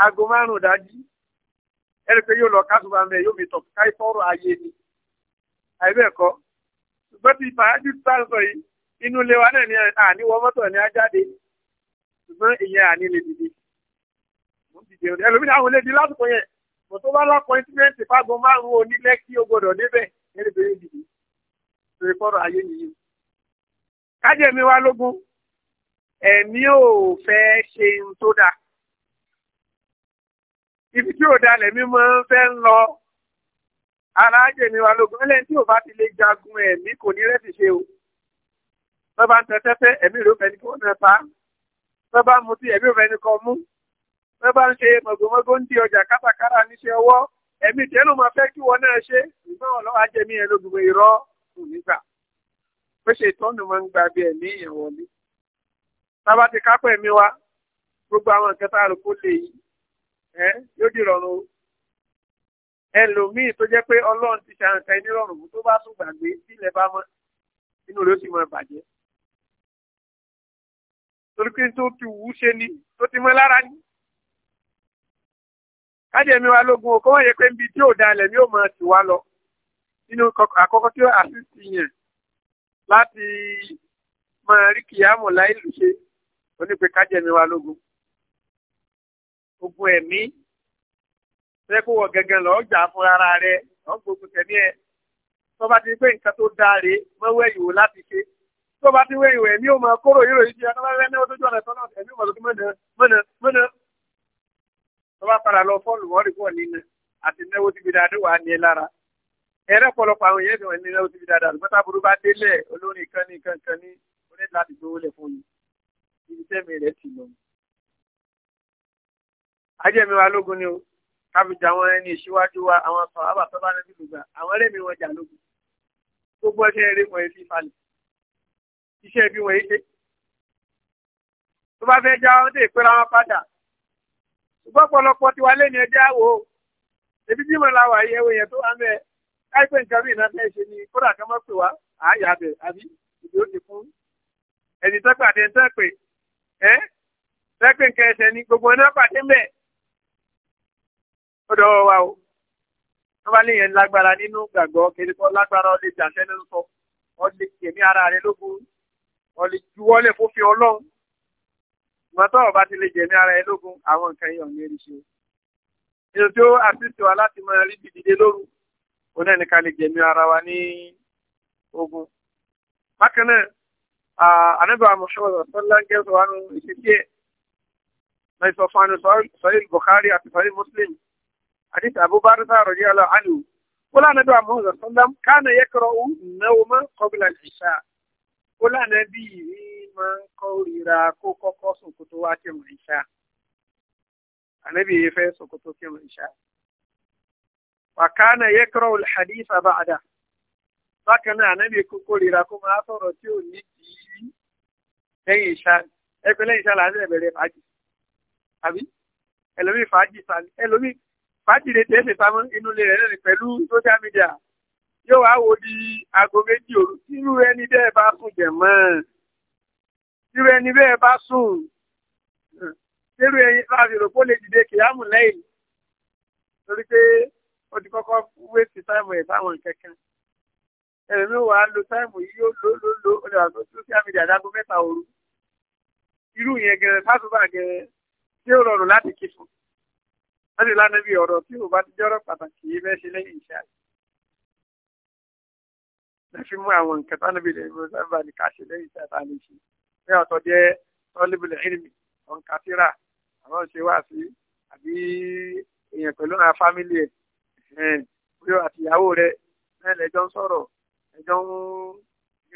aago márùn-ún dájú ẹni pé yóò lọ kásùbà mẹ yóò mi tọ̀ káìfọ́rọ̀ ayé ni àìbẹ́ẹ̀kọ́ ṣùgbọ́n ti fàájú sáńsọ yìí inú ilé wa náà ni àníwọ́ mọ́tò ni á jáde ṣùgbọ́n ìyẹn àní lè dìde mo ń dìde ẹlòmíràn àwọn olè di lásìkò yẹn mo tó bá lọ́pọ̀ìntìmẹ́ǹtì fáago márùn-ún onílẹ̀ kí ẹni pé yóò dìde ṣe fọ́rọ̀ ayé nìyí kájẹ̀mí wa lógún ẹ̀mí ò fẹ́ ṣe ohun tó dáa ibi tí ò dalẹ̀ mi máa ń fẹ́ ń lọ ara jẹ̀mí wa lógún ẹlẹ́ni tí ò bá ti lè jagun ẹ̀mí kò ní rẹ́sì ṣe o tó bá ń tẹ tẹ́tẹ́ ẹ̀mí rẹ̀ ó fẹ́ ní kí wọ́n náà pa tó bá ń mutí ẹ̀mí ò fẹ́ ní kọ́ mú tó ń ṣe mọ̀gòmọ́gò di ọjà kátàkárà níṣẹ́ ọwọ́ ẹ̀mí tẹ́lùmọ́ fẹ́ kí wọ́n náà ṣe ìgbọ́n ọlọ́wà jẹ̀mí ẹ̀ lógún irọ́ kò pé ṣe ìtọ́nù máa ń gba bí ẹ̀mí èèyàn wọlé tábà ti kápẹ́ ẹ̀mí wa gbogbo àwọn nǹkan tá a rò kó lè yí ẹ yóò di rọrùn o ẹlòmíì tó jẹ́ pé ọlọ́run ti ṣe ẹni rọrùn tó bá tún gbàgbé sílẹ̀ bá mọ́ inú rẹ̀ ó sì máa bàjẹ́ torí pé tó ti wù ṣe ni tó ti mọ́ lára ni kájẹ̀mí wa lógun o kó wọ́n yẹ pé níbi tí ò dalẹ̀ ni ó máa tì wá lọ nínú àkọ́kọ́ tí ó àṣìṣe yẹn láti máa rí kìyàmù láìlú ṣe onípe kájẹ̀mí wa lógun ogun ẹ̀mí ṣé kó wọ gẹ́gẹ́ lọ gbà fún ara rẹ ọgbógun tẹ̀mí ẹ tó bá ti pé nǹkan tó dáa rè mọ́wọ́ ẹ̀yìn wò láti ṣe tó bá ti wé ìwé ẹ̀mí ò máa kóró yìí ní ọdún ò máa lókè ẹrẹ pọ̀lọpọ̀ àwọn èèyàn ìdánwò nílẹ̀ òsibí dáadáa lùmọ táburú bá délẹ̀ olórin kan ní kan láti gbowó lẹ fún yìí ibi tẹmí rẹ ti lọ. ajẹ́mi wa lógun ni o kábíjà àwọn ẹni ìṣíwájú wa àwọn sọ àbà tó bá ní bíbí gbà àwọn ẹlẹ́mi wọn jà lógun gbogbo ẹsẹ̀ eré wọn fi falẹ̀ iṣẹ́ ibi wọn ṣe. tó bá fẹ́ já ọ́ dé ìpẹ́rẹ́ wọn padà ṣùgbọ́n pọ̀lọpọ̀ tiwa lẹ́nu ẹjẹ́ àwò ebi jímọ̀ làwà yẹ̀wò yẹn tó wà mẹ́ẹ̀ káìpẹ́ nǹkan bí ìnáfẹ́ ṣe ni kódà kan mọ́ pè wá àáyá bẹ̀ àbí ìdí ó ti fún ẹni tó pàdé ń tẹ́pẹ̀ ẹ́ tẹ́pẹ̀ nǹkan ẹsẹ̀ ni gbogbo ẹni pàdé ń bẹ̀ ó dọ̀wọ́ wa o wọ́n bá léyìn lágbára nínú gbàgbọ́ kiri kọ́ lágbára ọ lè jà sẹ́nu sọ ọ lè tèmi ara rẹ lógun ọ lè juwọ́lẹ̀ fófin ọlọ́run ìgbà tó ọba ti lè jẹ̀mí ara ẹ lógun àwọn nǹkan yìí ọ̀ ní eréṣẹ́ o ètò tí ó àṣìṣe wa láti máa rí dìdìde lóru náà ní ká lè jẹ̀mí ara wa ní ogun. bákan náà anábìá mọ̀ṣọ́wọ́ sọ́lá ń gẹ́sọ̀ wánú ìṣesí ẹ̀ náà sọ fún anú sọ́yìn Bukhari àti sọ́yìn Muslim àdìsí abubakar sáà rọ̀jẹ́ ọlọ́ àlù kólá anábìá mọ̀ṣọ́wọ́ sọ́lá kánà yẹ kọ́rọ̀ òun náà wọ́n kọ́bílà ìṣá kólá anábì yìí máa ń kórìíra kó kọ́kọ́ sòkòtò wá kírun ìṣá anábì yìí fẹ́ sòkòtò kírun ìṣá wàkánà yẹkọrọ alhadith abada bákan náà ànábì kókó rira kó máa sọ̀rọ̀ tí ò ní tì í lẹ́yìn ìṣá ẹgbẹ́ lẹ́yìn ìṣá là ń bẹ̀rẹ̀ fàájì àbí ẹlòmíì fàájì sani ẹlòmíì fàájì lè tẹ́ ṣe pamọ́ inú ilé rẹ̀ lẹ́nu pẹ̀lú social media yóò wá wo di aago méjì òru irú ẹni bẹ́ẹ̀ bá sùn jẹ̀mọ́ irú ẹni bẹ́ẹ̀ bá sùn irú ẹni láti rò kó lè dìde kìyàmù lẹ́yìn torí pé ó ti kọ́kọ́ wéètì táìmù ẹ̀ fáwọn kankan ẹlẹ́mi wà á lo táìmù yìí yóò lò lò lò ó lè wà lóṣù sí mẹ́ta òru irú yẹn gẹ̀rẹ́ fásitì àgẹ̀rẹ́ tí ó rọrùn láti kí fún wọ́n lánàá bí ọ̀rọ̀ tí ò bá ti jọ́rọ̀ pàtàkì yìí bẹ́ẹ̀ lẹ́yìn iṣẹ́ àyè lè fi mú àwọn nǹkan tó níbi lè mú sábà ní ká ṣe lẹ́yìn iṣẹ́ àtà ní ṣe bí ọ̀tọ̀ jẹ́ tọ́lébìlì ìrìnmi ọ̀nkàtìrà àwọn ṣe wá sí àbí èèyàn pẹ̀lú àwọn fámìlì ẹ̀ bóyá ìyàwó rẹ̀ náà lẹ́jọ́ ń sọ̀rọ̀ ẹjọ́ ń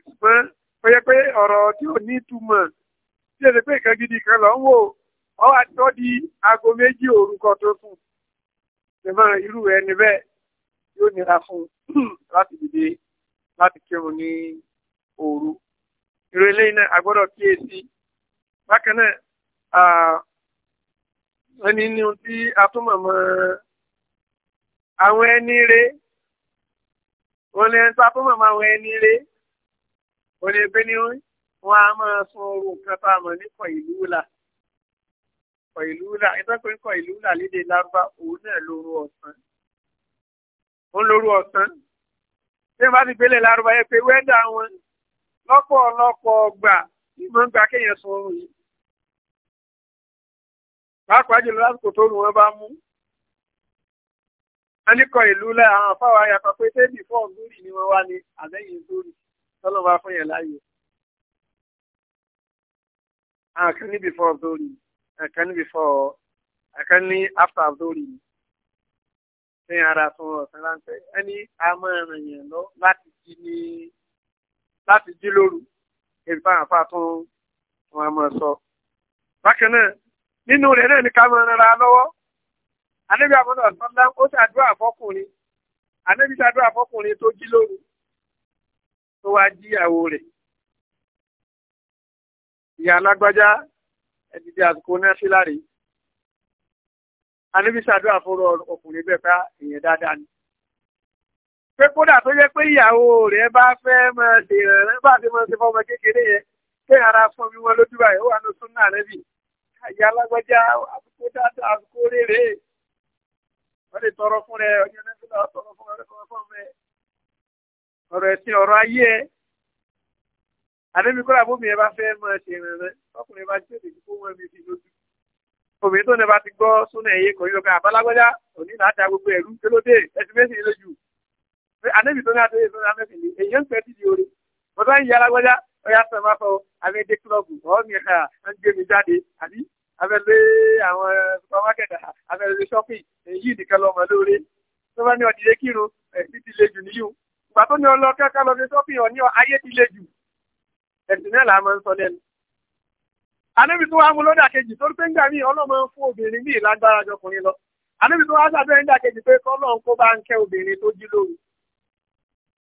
ṣùgbọ́n ó yẹ pé ọ̀rọ̀ tí ò ní ìtumọ̀ tí èdè pé gidi kan lọ ń wò tọ́ di aago méjì orúkọ tó ṣùgbọ́n irú ẹni bẹ́ẹ̀ yóò nira fún un láti dìde láti kírun ní òru irú eléyìí náà a kíyèsí bákan náà ẹni ní ohun tí a tún àwọn ẹni rè wọn lè ń sá fún màmá àwọn ẹni rè wọn lè gbé ní wọn a máa sun oorun kan tá a mọ̀ ní kọ̀ìlúùlà kọ̀ìlúùlà ìtọ́kùn kọ̀ìlúùlà lédè lárúbá òun náà lóru ọ̀sán òun lóru ọ̀sán tí wọn bá ti gbélé lárúbá yẹ pé wẹ́dà wọn lọ́pọ̀lọpọ̀ ọgbà ní mọ̀ ń gba kéèyàn sun oorun yìí pàápàá jùlọ lásìkò tó rùn wọn bá mú ẹnìkọ ìlú lẹ àwọn afáwa yàtọ̀ pé tẹbí fọọmù lórí ni wọn wá ní àlẹyìn lórí tọlọ bá fún yẹn láàyè àwọn kan níbi fọọ lórí àkan níbi fọọ àkan ní áfà lórí ní ara fún ọ̀sán láǹtẹ ẹni a máa ràn yẹn lọ láti jí ní láti jí lóru èyí bá àfa tún wọn máa sọ bákan náà nínú rẹ̀ náà ni ká máa ràn ara lọ́wọ́. Ànábì àbọ̀dọ̀ sọ́lá ó ṣàdúrà fọkùnrin. Ànábì ṣàdúrà fọkùnrin tó jí lóru tó wá jí ìyàwó rẹ̀. Ìyá alágbájá ẹ̀dìdì àsìkò náà sí láre. Ànábì ṣàdúrà fọ́rọ̀ ọkùnrin bẹ́ẹ̀ ká èèyàn ah, dáadáa ni. Pé kódà tó yẹ pé ìyàwó rẹ̀ bá fẹ́ máa dèrè bá ti máa ṣe fọmọ kékeré yẹn pé ara fún mi wọn lójú báyìí ó wà ní súnà rẹ̀ bì. Ìyá alágbájá àsìkò dáadáa àsìkò rere wọ́n lè tọrọ fún rẹ ọjọ́ náà fúnra tọrọ fún rẹ tọrọ fún rẹ ọ̀rọ̀ ẹ̀sìn ọ̀rọ̀ ayé ẹ àdébí kọ́lá bómi ẹ bá fẹ́ máa ṣe ìrìnrìn ọkùnrin bá jẹ́ èdè kó wọ́n mi fi lójú obìnrin tó ní bá ti gbọ́ súnà ẹ̀yẹ kò yíyọ ká àbálágbọ́já òní láti agbègbè ẹ̀rú kélódé ẹ̀sìn méjì lójú àdébí tó ní àti èyí tó ní amẹ́sì ni èyàn ń pẹ́ ti di orí mo tọ́ ń yí alágbọ́já ọ̀yà sọ̀rọ̀ máa fọ àmì ẹ̀dẹ́ kílọ̀bù ọ̀ọ́ mi ẹ̀ka ń gbé mi jáde àbí afẹ́fẹ́ àwọn eh, supermarket afẹ́fẹ́ ah, shopping èyí nìkan lọ́mọ lóore tó bá ní ọ̀dìlé kírun ẹ̀sìn ti le jù níyù ìgbà tó ní ọlọ kẹ́kẹ́ lọ sí shopping ọ̀ní ayé ti le jù ẹ̀sìn náà là máa ń sọ lẹ́nu. anábì tó wàá mú lọ́dà kejì torí pé ńgbà míì ọlọ́mọ ń fún obìnrin míì lágbára jọkùnrin lọ anábì tó wàá sàbẹ̀rẹ̀ ńgbà kejì pé kọ́lọ́n kó bá ń kẹ́ obìnrin tó jí lóru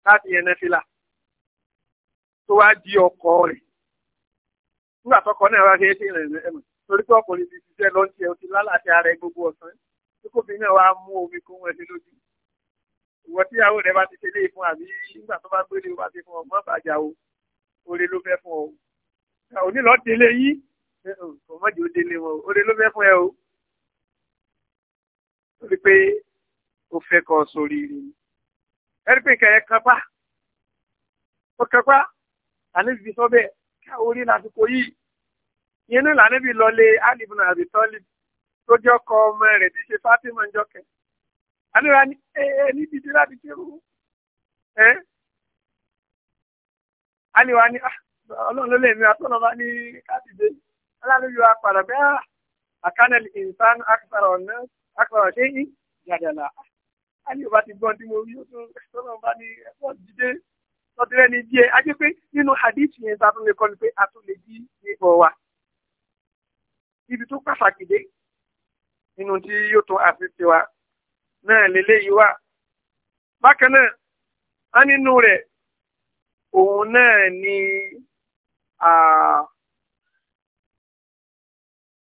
láti yẹn nẹ́fìlà tó wá di ọkọ rẹ̀ nígbà tọkọ náà wá fi ẹ́ sí ìrìn ẹ̀mọ̀ torí pé ọkùnrin ti ṣiṣẹ́ lọ́ńtì ẹ̀ ó ti lálàtì ara ẹ gbogbo ọ̀sán tí kò fi náà wá mú omi kún ẹ ní lójú ìwọ tíyàwó rẹ bá ti ṣe léè fún àbí nígbà tó bá gbélé o bá ti fún ọ mọ́ bàjá o oore ló fẹ́ fún ọ òní lọ délé yín ọmọdé ó délé wọn oore ló fẹ́ fún ẹ o torí pé o fẹ́ kọ sórí rí ni ẹni pé kẹyẹ kápá ó kápá àní ibi sọ bẹ́ẹ̀ ká orí lásìkò yìí yẹn náà lànàbí lọlé Ali ibn Abi Talib tó jẹ́ ọkọ ọmọ rẹ̀ tí ṣe Fatima njọ́kẹ́ alẹ́ra ní ẹ ní dídí láti kírun ẹ alẹ́wa ní ah, ọlọ́run ló lè mi àtọ́nà bá ní káàdìdé alálùyọ ah, apàdà bẹ́ẹ̀ àkánẹ́lì ìnsán akpàrà ọ̀nà akpàrà ọ̀dẹ́ yìí jàdàlà alẹ́wa ah, ti gbọ́n tí mo rí ó tún bá ní ẹ̀fọ́ dídé lọ́tẹ́rẹ́ ní díẹ̀ ajé pé nínú hadith yẹn tá lè kọ́ ni pé a tún lè dí wa ibi tó pàtàkì dé nínú tí yóò tún àfihàn wa náà lélẹ́yìí wà bákan náà á nínú rẹ̀ òun náà ni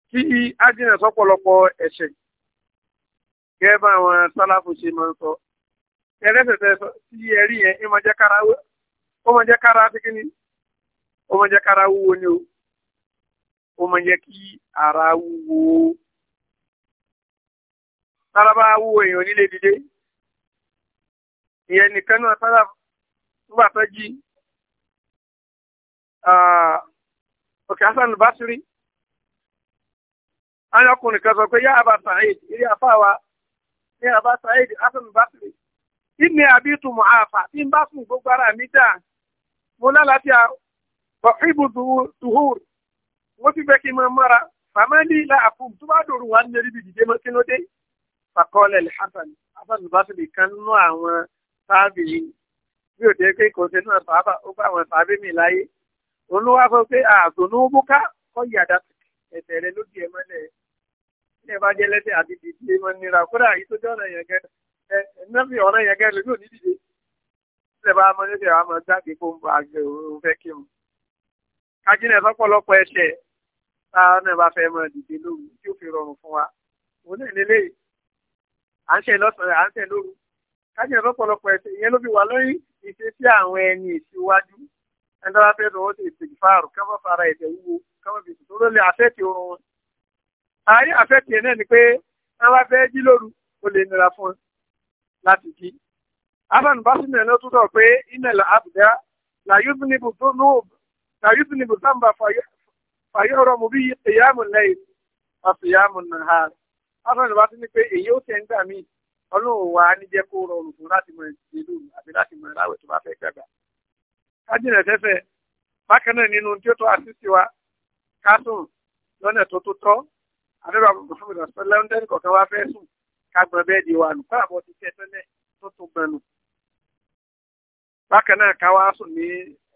kí ájínà sọ́pọ̀lọpọ̀ ẹ̀ṣẹ̀ gẹ́gẹ́ bá àwọn sálàfù ṣe máa ń sọ ẹlẹ́sẹ̀tẹ̀ sí ẹ̀rí yẹn ó wúwo ni o ó máa ń kí ara wúwo tára bá wúwo èèyàn nílé dìde ìyẹn nìkan náà tára nígbà tó jí òkè hasan basiri anyọkùnrin kan sọ pé yá abba saheed eré afáwa ní abba saheed hasan basiri ìní àbítù mọ̀áfà tí ń bá sùn gbogbo ara mi dà mo lálàáfíà bọ̀ tuhur wọ́n ti fẹ́ kí n máa mọ́ra fàmálì ilà àpò tó bá dòrò wà ní erébi dìde mọ́ kínú dé fàkọọ́lẹ̀ hasan hasan basiri kan nínú àwọn sáàbì yìí bí de pé kò sí náà sábà ó bá àwọn sáàbì mi láyé òun ló wá sọ pé àtònú búká kọ́ yàdá ẹ̀sẹ̀ rẹ ló di ẹ mọ́lẹ̀ ilé bá a lẹ́sẹ̀ àti dìde mọ́ nira kódà yìí tó jẹ́ ọ̀nà yẹn gẹ́ ẹ nọ́ọ̀sì ọ̀nà yẹn gẹ́ lójú òní dìde ilé bá mọ́ lẹ́sẹ̀ àwọn ọmọ jáde fún un e, fẹ́ kí mu kájínà ẹ̀fọ́ pọ̀lọpọ̀ ẹ̀sẹ̀ táwọn náà bá fẹ́ mọ dìde lóru tí ó fi rọrùn fún wa òun náà lélẹ́ yìí à ń ṣe lọ́sàn-án à ń ṣe lóru kájí ẹ̀ lọ́pọ̀lọpọ̀ ẹ̀sẹ̀ ìyẹn ló fi wà lórí ìṣesí àwọn ẹni ìṣíwájú ẹni tó bá fẹ́ lọ́wọ́ sí ìsìn fáàrù ká má fara ẹ̀jẹ̀ wúwo ká má fi sùn lórí àfẹ́tì oorun wọn. ààyè àfẹ́tì náà ni pé wọ́n bá fẹ́ jí lóru ó lè nira fún wọn láti jí. afẹ́nu bá sínú ẹ̀ ló túnbọ̀ pé iná àbùdá làyúbù níbù tó nù làyúbù níbù sáǹbà fàyọ̀rọ̀mù bí ìyàmù lẹ́yìn àfìyàmù nàá afẹ́rẹ́ bá tún ní pé èyí ó tẹ̀ ń gbà mí ọlọ́run wa ní jẹ́ kó rọrùn fún láti mọ ìlú àbí láti mọ ìláwẹ̀ tó bá fẹ́ gbàgbà. kájìnà tẹ́fẹ̀ bákan náà nínú tí ó tó àṣìṣe wa ká sùn lọ́nà tó tó tọ́ àdúrà mohammed ọ̀sán lẹ́ńdẹ́nì kọ̀ọ̀kan wá fẹ́ sùn ká gbọ́n bẹ́ẹ̀ di wa nù kó àbọ̀ ti tẹ́ tẹ́lẹ̀ tó tó gbẹ̀nu. bákan náà ká wá sùn ní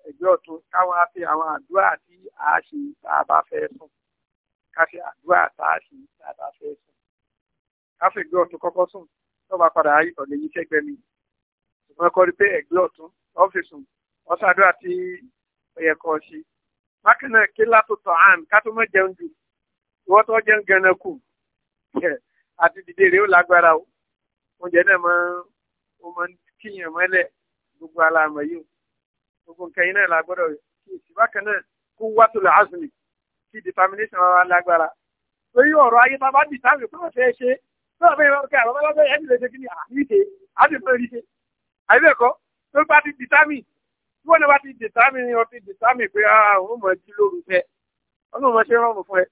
ẹgbẹ́ ọ̀tún káwọn á fi àwọn àdúrà tí a ṣe tá a bá fẹ́ sùn ká fi àdúrà tá a ṣe tá a bá fẹ́ sùn ká fi ẹgbẹ́ ọ̀tún kọ́kọ́ sùn tó bá padà ọ̀lẹ́ yìí sẹ́gbẹ́ mi ṣùgbọ́n kọ́ rí pé ẹgbẹ́ ọ̀tún ọ́fíìsùn ọ̀sàdúrà tí ó yẹ kọ́ ṣe bákan náà kí látòtò àn ká tó jẹun jù ìwọ́n tó jẹun gan kù àti dìde rèé lágbára o oúnjẹ náà máa ń kíyàn mọ́lẹ̀ gbogbo aláàmọ̀ yìí gbogbo nǹkan yìí náà la gbọ́dọ̀ kí èsì bákan náà kó wá tó lè azumi kí determination wa lágbára lórí ọ̀rọ̀ ayé bá bá dì táwọn ìpínlẹ̀ fẹ́ ṣe náà bẹ́ẹ̀ bá kẹ́ àwọn bá bẹ́ẹ̀ ẹ̀dì lè ṣe kí ni àríṣe àdìpọ̀ ríṣe àìbẹ̀kọ́ tó bá ti determine tí wọ́n náà bá ti determine wọ́n ti determine pé àwọn ah, ọmọ ẹjí lóru fẹ́ ọlọ́run máa ṣe rọrùn fún ẹ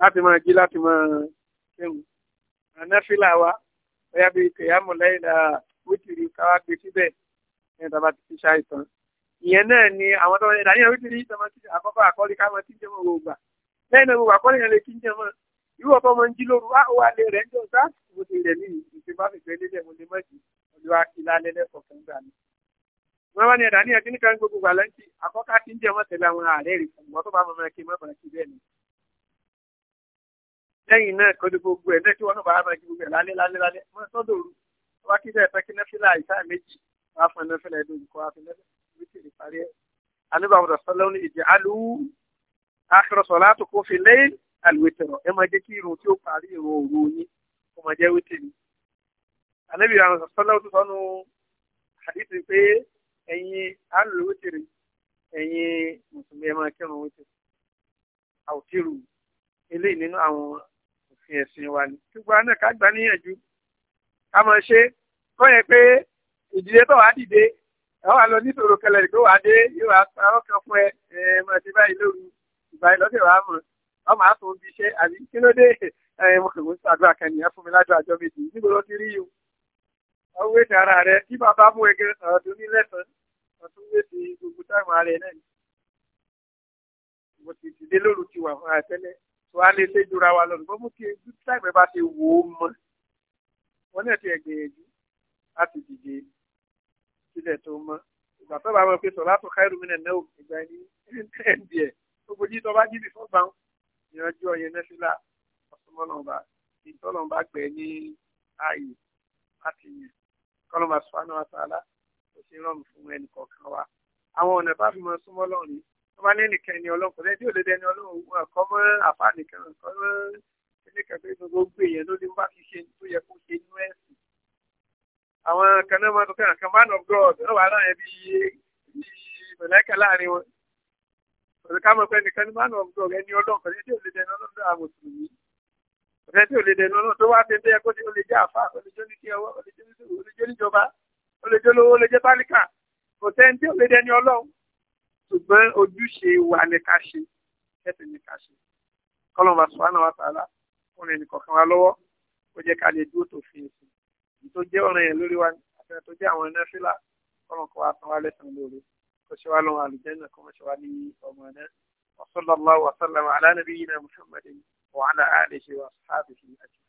láti máa jí láti máa ṣẹ́wù ànáfílà wa ọ̀yà bíi kẹ̀yàmù lẹ́yìn wítìrì káwá gbé síbẹ̀ ní ìtàbá ti fi ṣàìsàn ìyẹn náà ni àwọn tó ń dàníyàn wípé ní ìtàbá ti àkọ́kọ́ àkọ́lé ká máa ti ń jẹ́ mọ́ gbogbo lẹ́yìn náà gbogbo àkọ́lé yẹn lè ti ń jẹ́ mọ́ irú ọ̀pọ̀ ọmọ ń jí lóru á wà lè rẹ̀ ń jọ sá mo ti rẹ̀ ní ìṣèbá fìfẹ́ lélẹ̀ mo lè mọ̀jì olúwa ìlà lẹ́lẹ́ kọ̀ọ̀kan gbà mí. wọ́n wá ní ẹ̀dá ní ẹ̀dá ní kan gbogbo wà lẹ́ńtì àkọ́kọ́ ti ń jẹ́ mọ́ tẹ̀lé àwọn ààrẹ rẹ̀ fún wọn tó bá mọ̀ mọ́ kí mọ́ bàrà kí bẹ́ẹ̀ ni. lẹ́yìn náà kọ́ gbogbo ẹ̀ náà kí wọ́n náà bá máa kí gbogbo ẹ̀ lálẹ́ lálẹ́ lálẹ́ mọ́ sọ́dọ̀ òru wá kí wàá fún ẹlẹ́fẹ̀lẹ́ lójú kọ́ àfi lẹ́fẹ̀lẹ́ wítìrì parí ẹ̀. àníbà àwọn ọ̀sán lọ́wọ́ ní ìjẹ́ alú akérọ̀sọ̀ láti kó fi lẹ́yìn àlùwẹ̀tẹ̀rọ̀ ẹ máa jẹ́ kí irun tí ó parí irun òru yín kó máa jẹ́ wítìrì. àníbì àwọn ọ̀sán lọ́wọ́ tó sọnù àdìsí pé ẹ̀yin alùwẹ̀tìrì ẹ̀yin mùsùlùmí ẹ máa kírun wítìrì àwòtírù eléyìí nínú àwọn òfin ẹ̀sìn wa ni. gbogbo àná ká gbà níyànjú ká máa ṣe pé ìdílé tó wà á dìde àwọn àlọ nítorò kẹlẹ tó wà á dé yóò wá parọ́ kan fún ẹ ẹ mọ̀ ti báyìí lóru ìbáyìí lọ́sẹ̀ wàá mọ̀ wọ́n máa fún bí iṣẹ́ àbí kí ló dé ẹ mo kàn ń ṣàdúrà kan nìyẹn fún mi ládùúgbò àjọ méjì níbo ló ti rí yìí o ọwọ́ ètò ara rẹ kí bàbá mú ẹgẹ ọdún nílẹ̀sán ọdún wéṣì gbogbo táwọn ara rẹ náà ni mo ti dìde lóru ti wà fún ara tẹ́lẹ̀ tó a lè lé jura wa lọ́nà bó mú kí ojú táìmù ẹ bá ti wò ó mọ́ wọn náà ti ẹ̀gbìn láti dìde sílẹ̀ tó mọ́ ìgbà tó bá wọn pé sọ̀rọ̀ àtọ̀ káìrù mi nẹ̀ẹ́ òkè ìgbà ẹni ẹ̀ǹdì ẹ̀ gbogbo yìí tó bá jí bìfọ́ gbà ń ìyanjú ọyẹn nẹ́fílà ọ̀sùnmọ́nàmọ́ba ìtọ́nàmọ́ba gbẹ̀ ní ààyè láti yẹn kọ́nàmọ́ sùpánù àtàlà ó ṣe rọrùn fún ẹnì kọ̀ọ̀kan wa àwọn ọ̀nà bá fi mọ súnmọ́ lọ́rùn yìí tó bá ní nìkan ẹni ọlọ́run kò lẹ́dí òde ẹni ọlọ́run wọn kọ́ mọ́ àfa nìkan kọ́ mọ́ ẹnìkan àwọn kan náà máa tọ́kàn ah, kan man of God náà wà láàyè bí mọ̀lẹ́kà láàrin wọn. Òṣèlú ká mọ̀ pé nìkan ní man of God ẹni ọlọ́run kò ní tí ò lè dẹnu ọlọ́run àwọn mùsùlùmí. Ọ̀sẹ̀ tí ò lè dẹnu ọlọ́run tó wá dé bẹ́ẹ̀ kó tí ò lè jẹ́ àfa, ò lè jó ní kí ọwọ́, ò lè jó níjọba, ò lè jó lówó, ò lè jẹ́ bálíkà. Kò sẹ́ni tí ò lè dẹni ọlọ́run. Ṣùgbọ́n ojúṣe wà ní ká ṣe, ẹ̀sìn ní ká ṣe. Kọ́lọ́mù bá sọ wá náà wá tààlà, ó rìn nìkọ̀ọ̀kan wá lọ́wọ́, ó jẹ́ ká lè dúró tó fi ẹ̀sìn tó jẹ́ ọ̀ràn yẹn lórí wa àti tó jẹ́ àwọn iná fílà kọ́nà kó wa san wa lẹ́sàn-án lóore kó ṣe wá lọ́wọ́ àlùjẹ́nà kó ṣe wá ní ọmọ náà wa sallallahu wa sallama ala nabiyyina muhammadin wa ala alihi wa ashabihi ajma'in.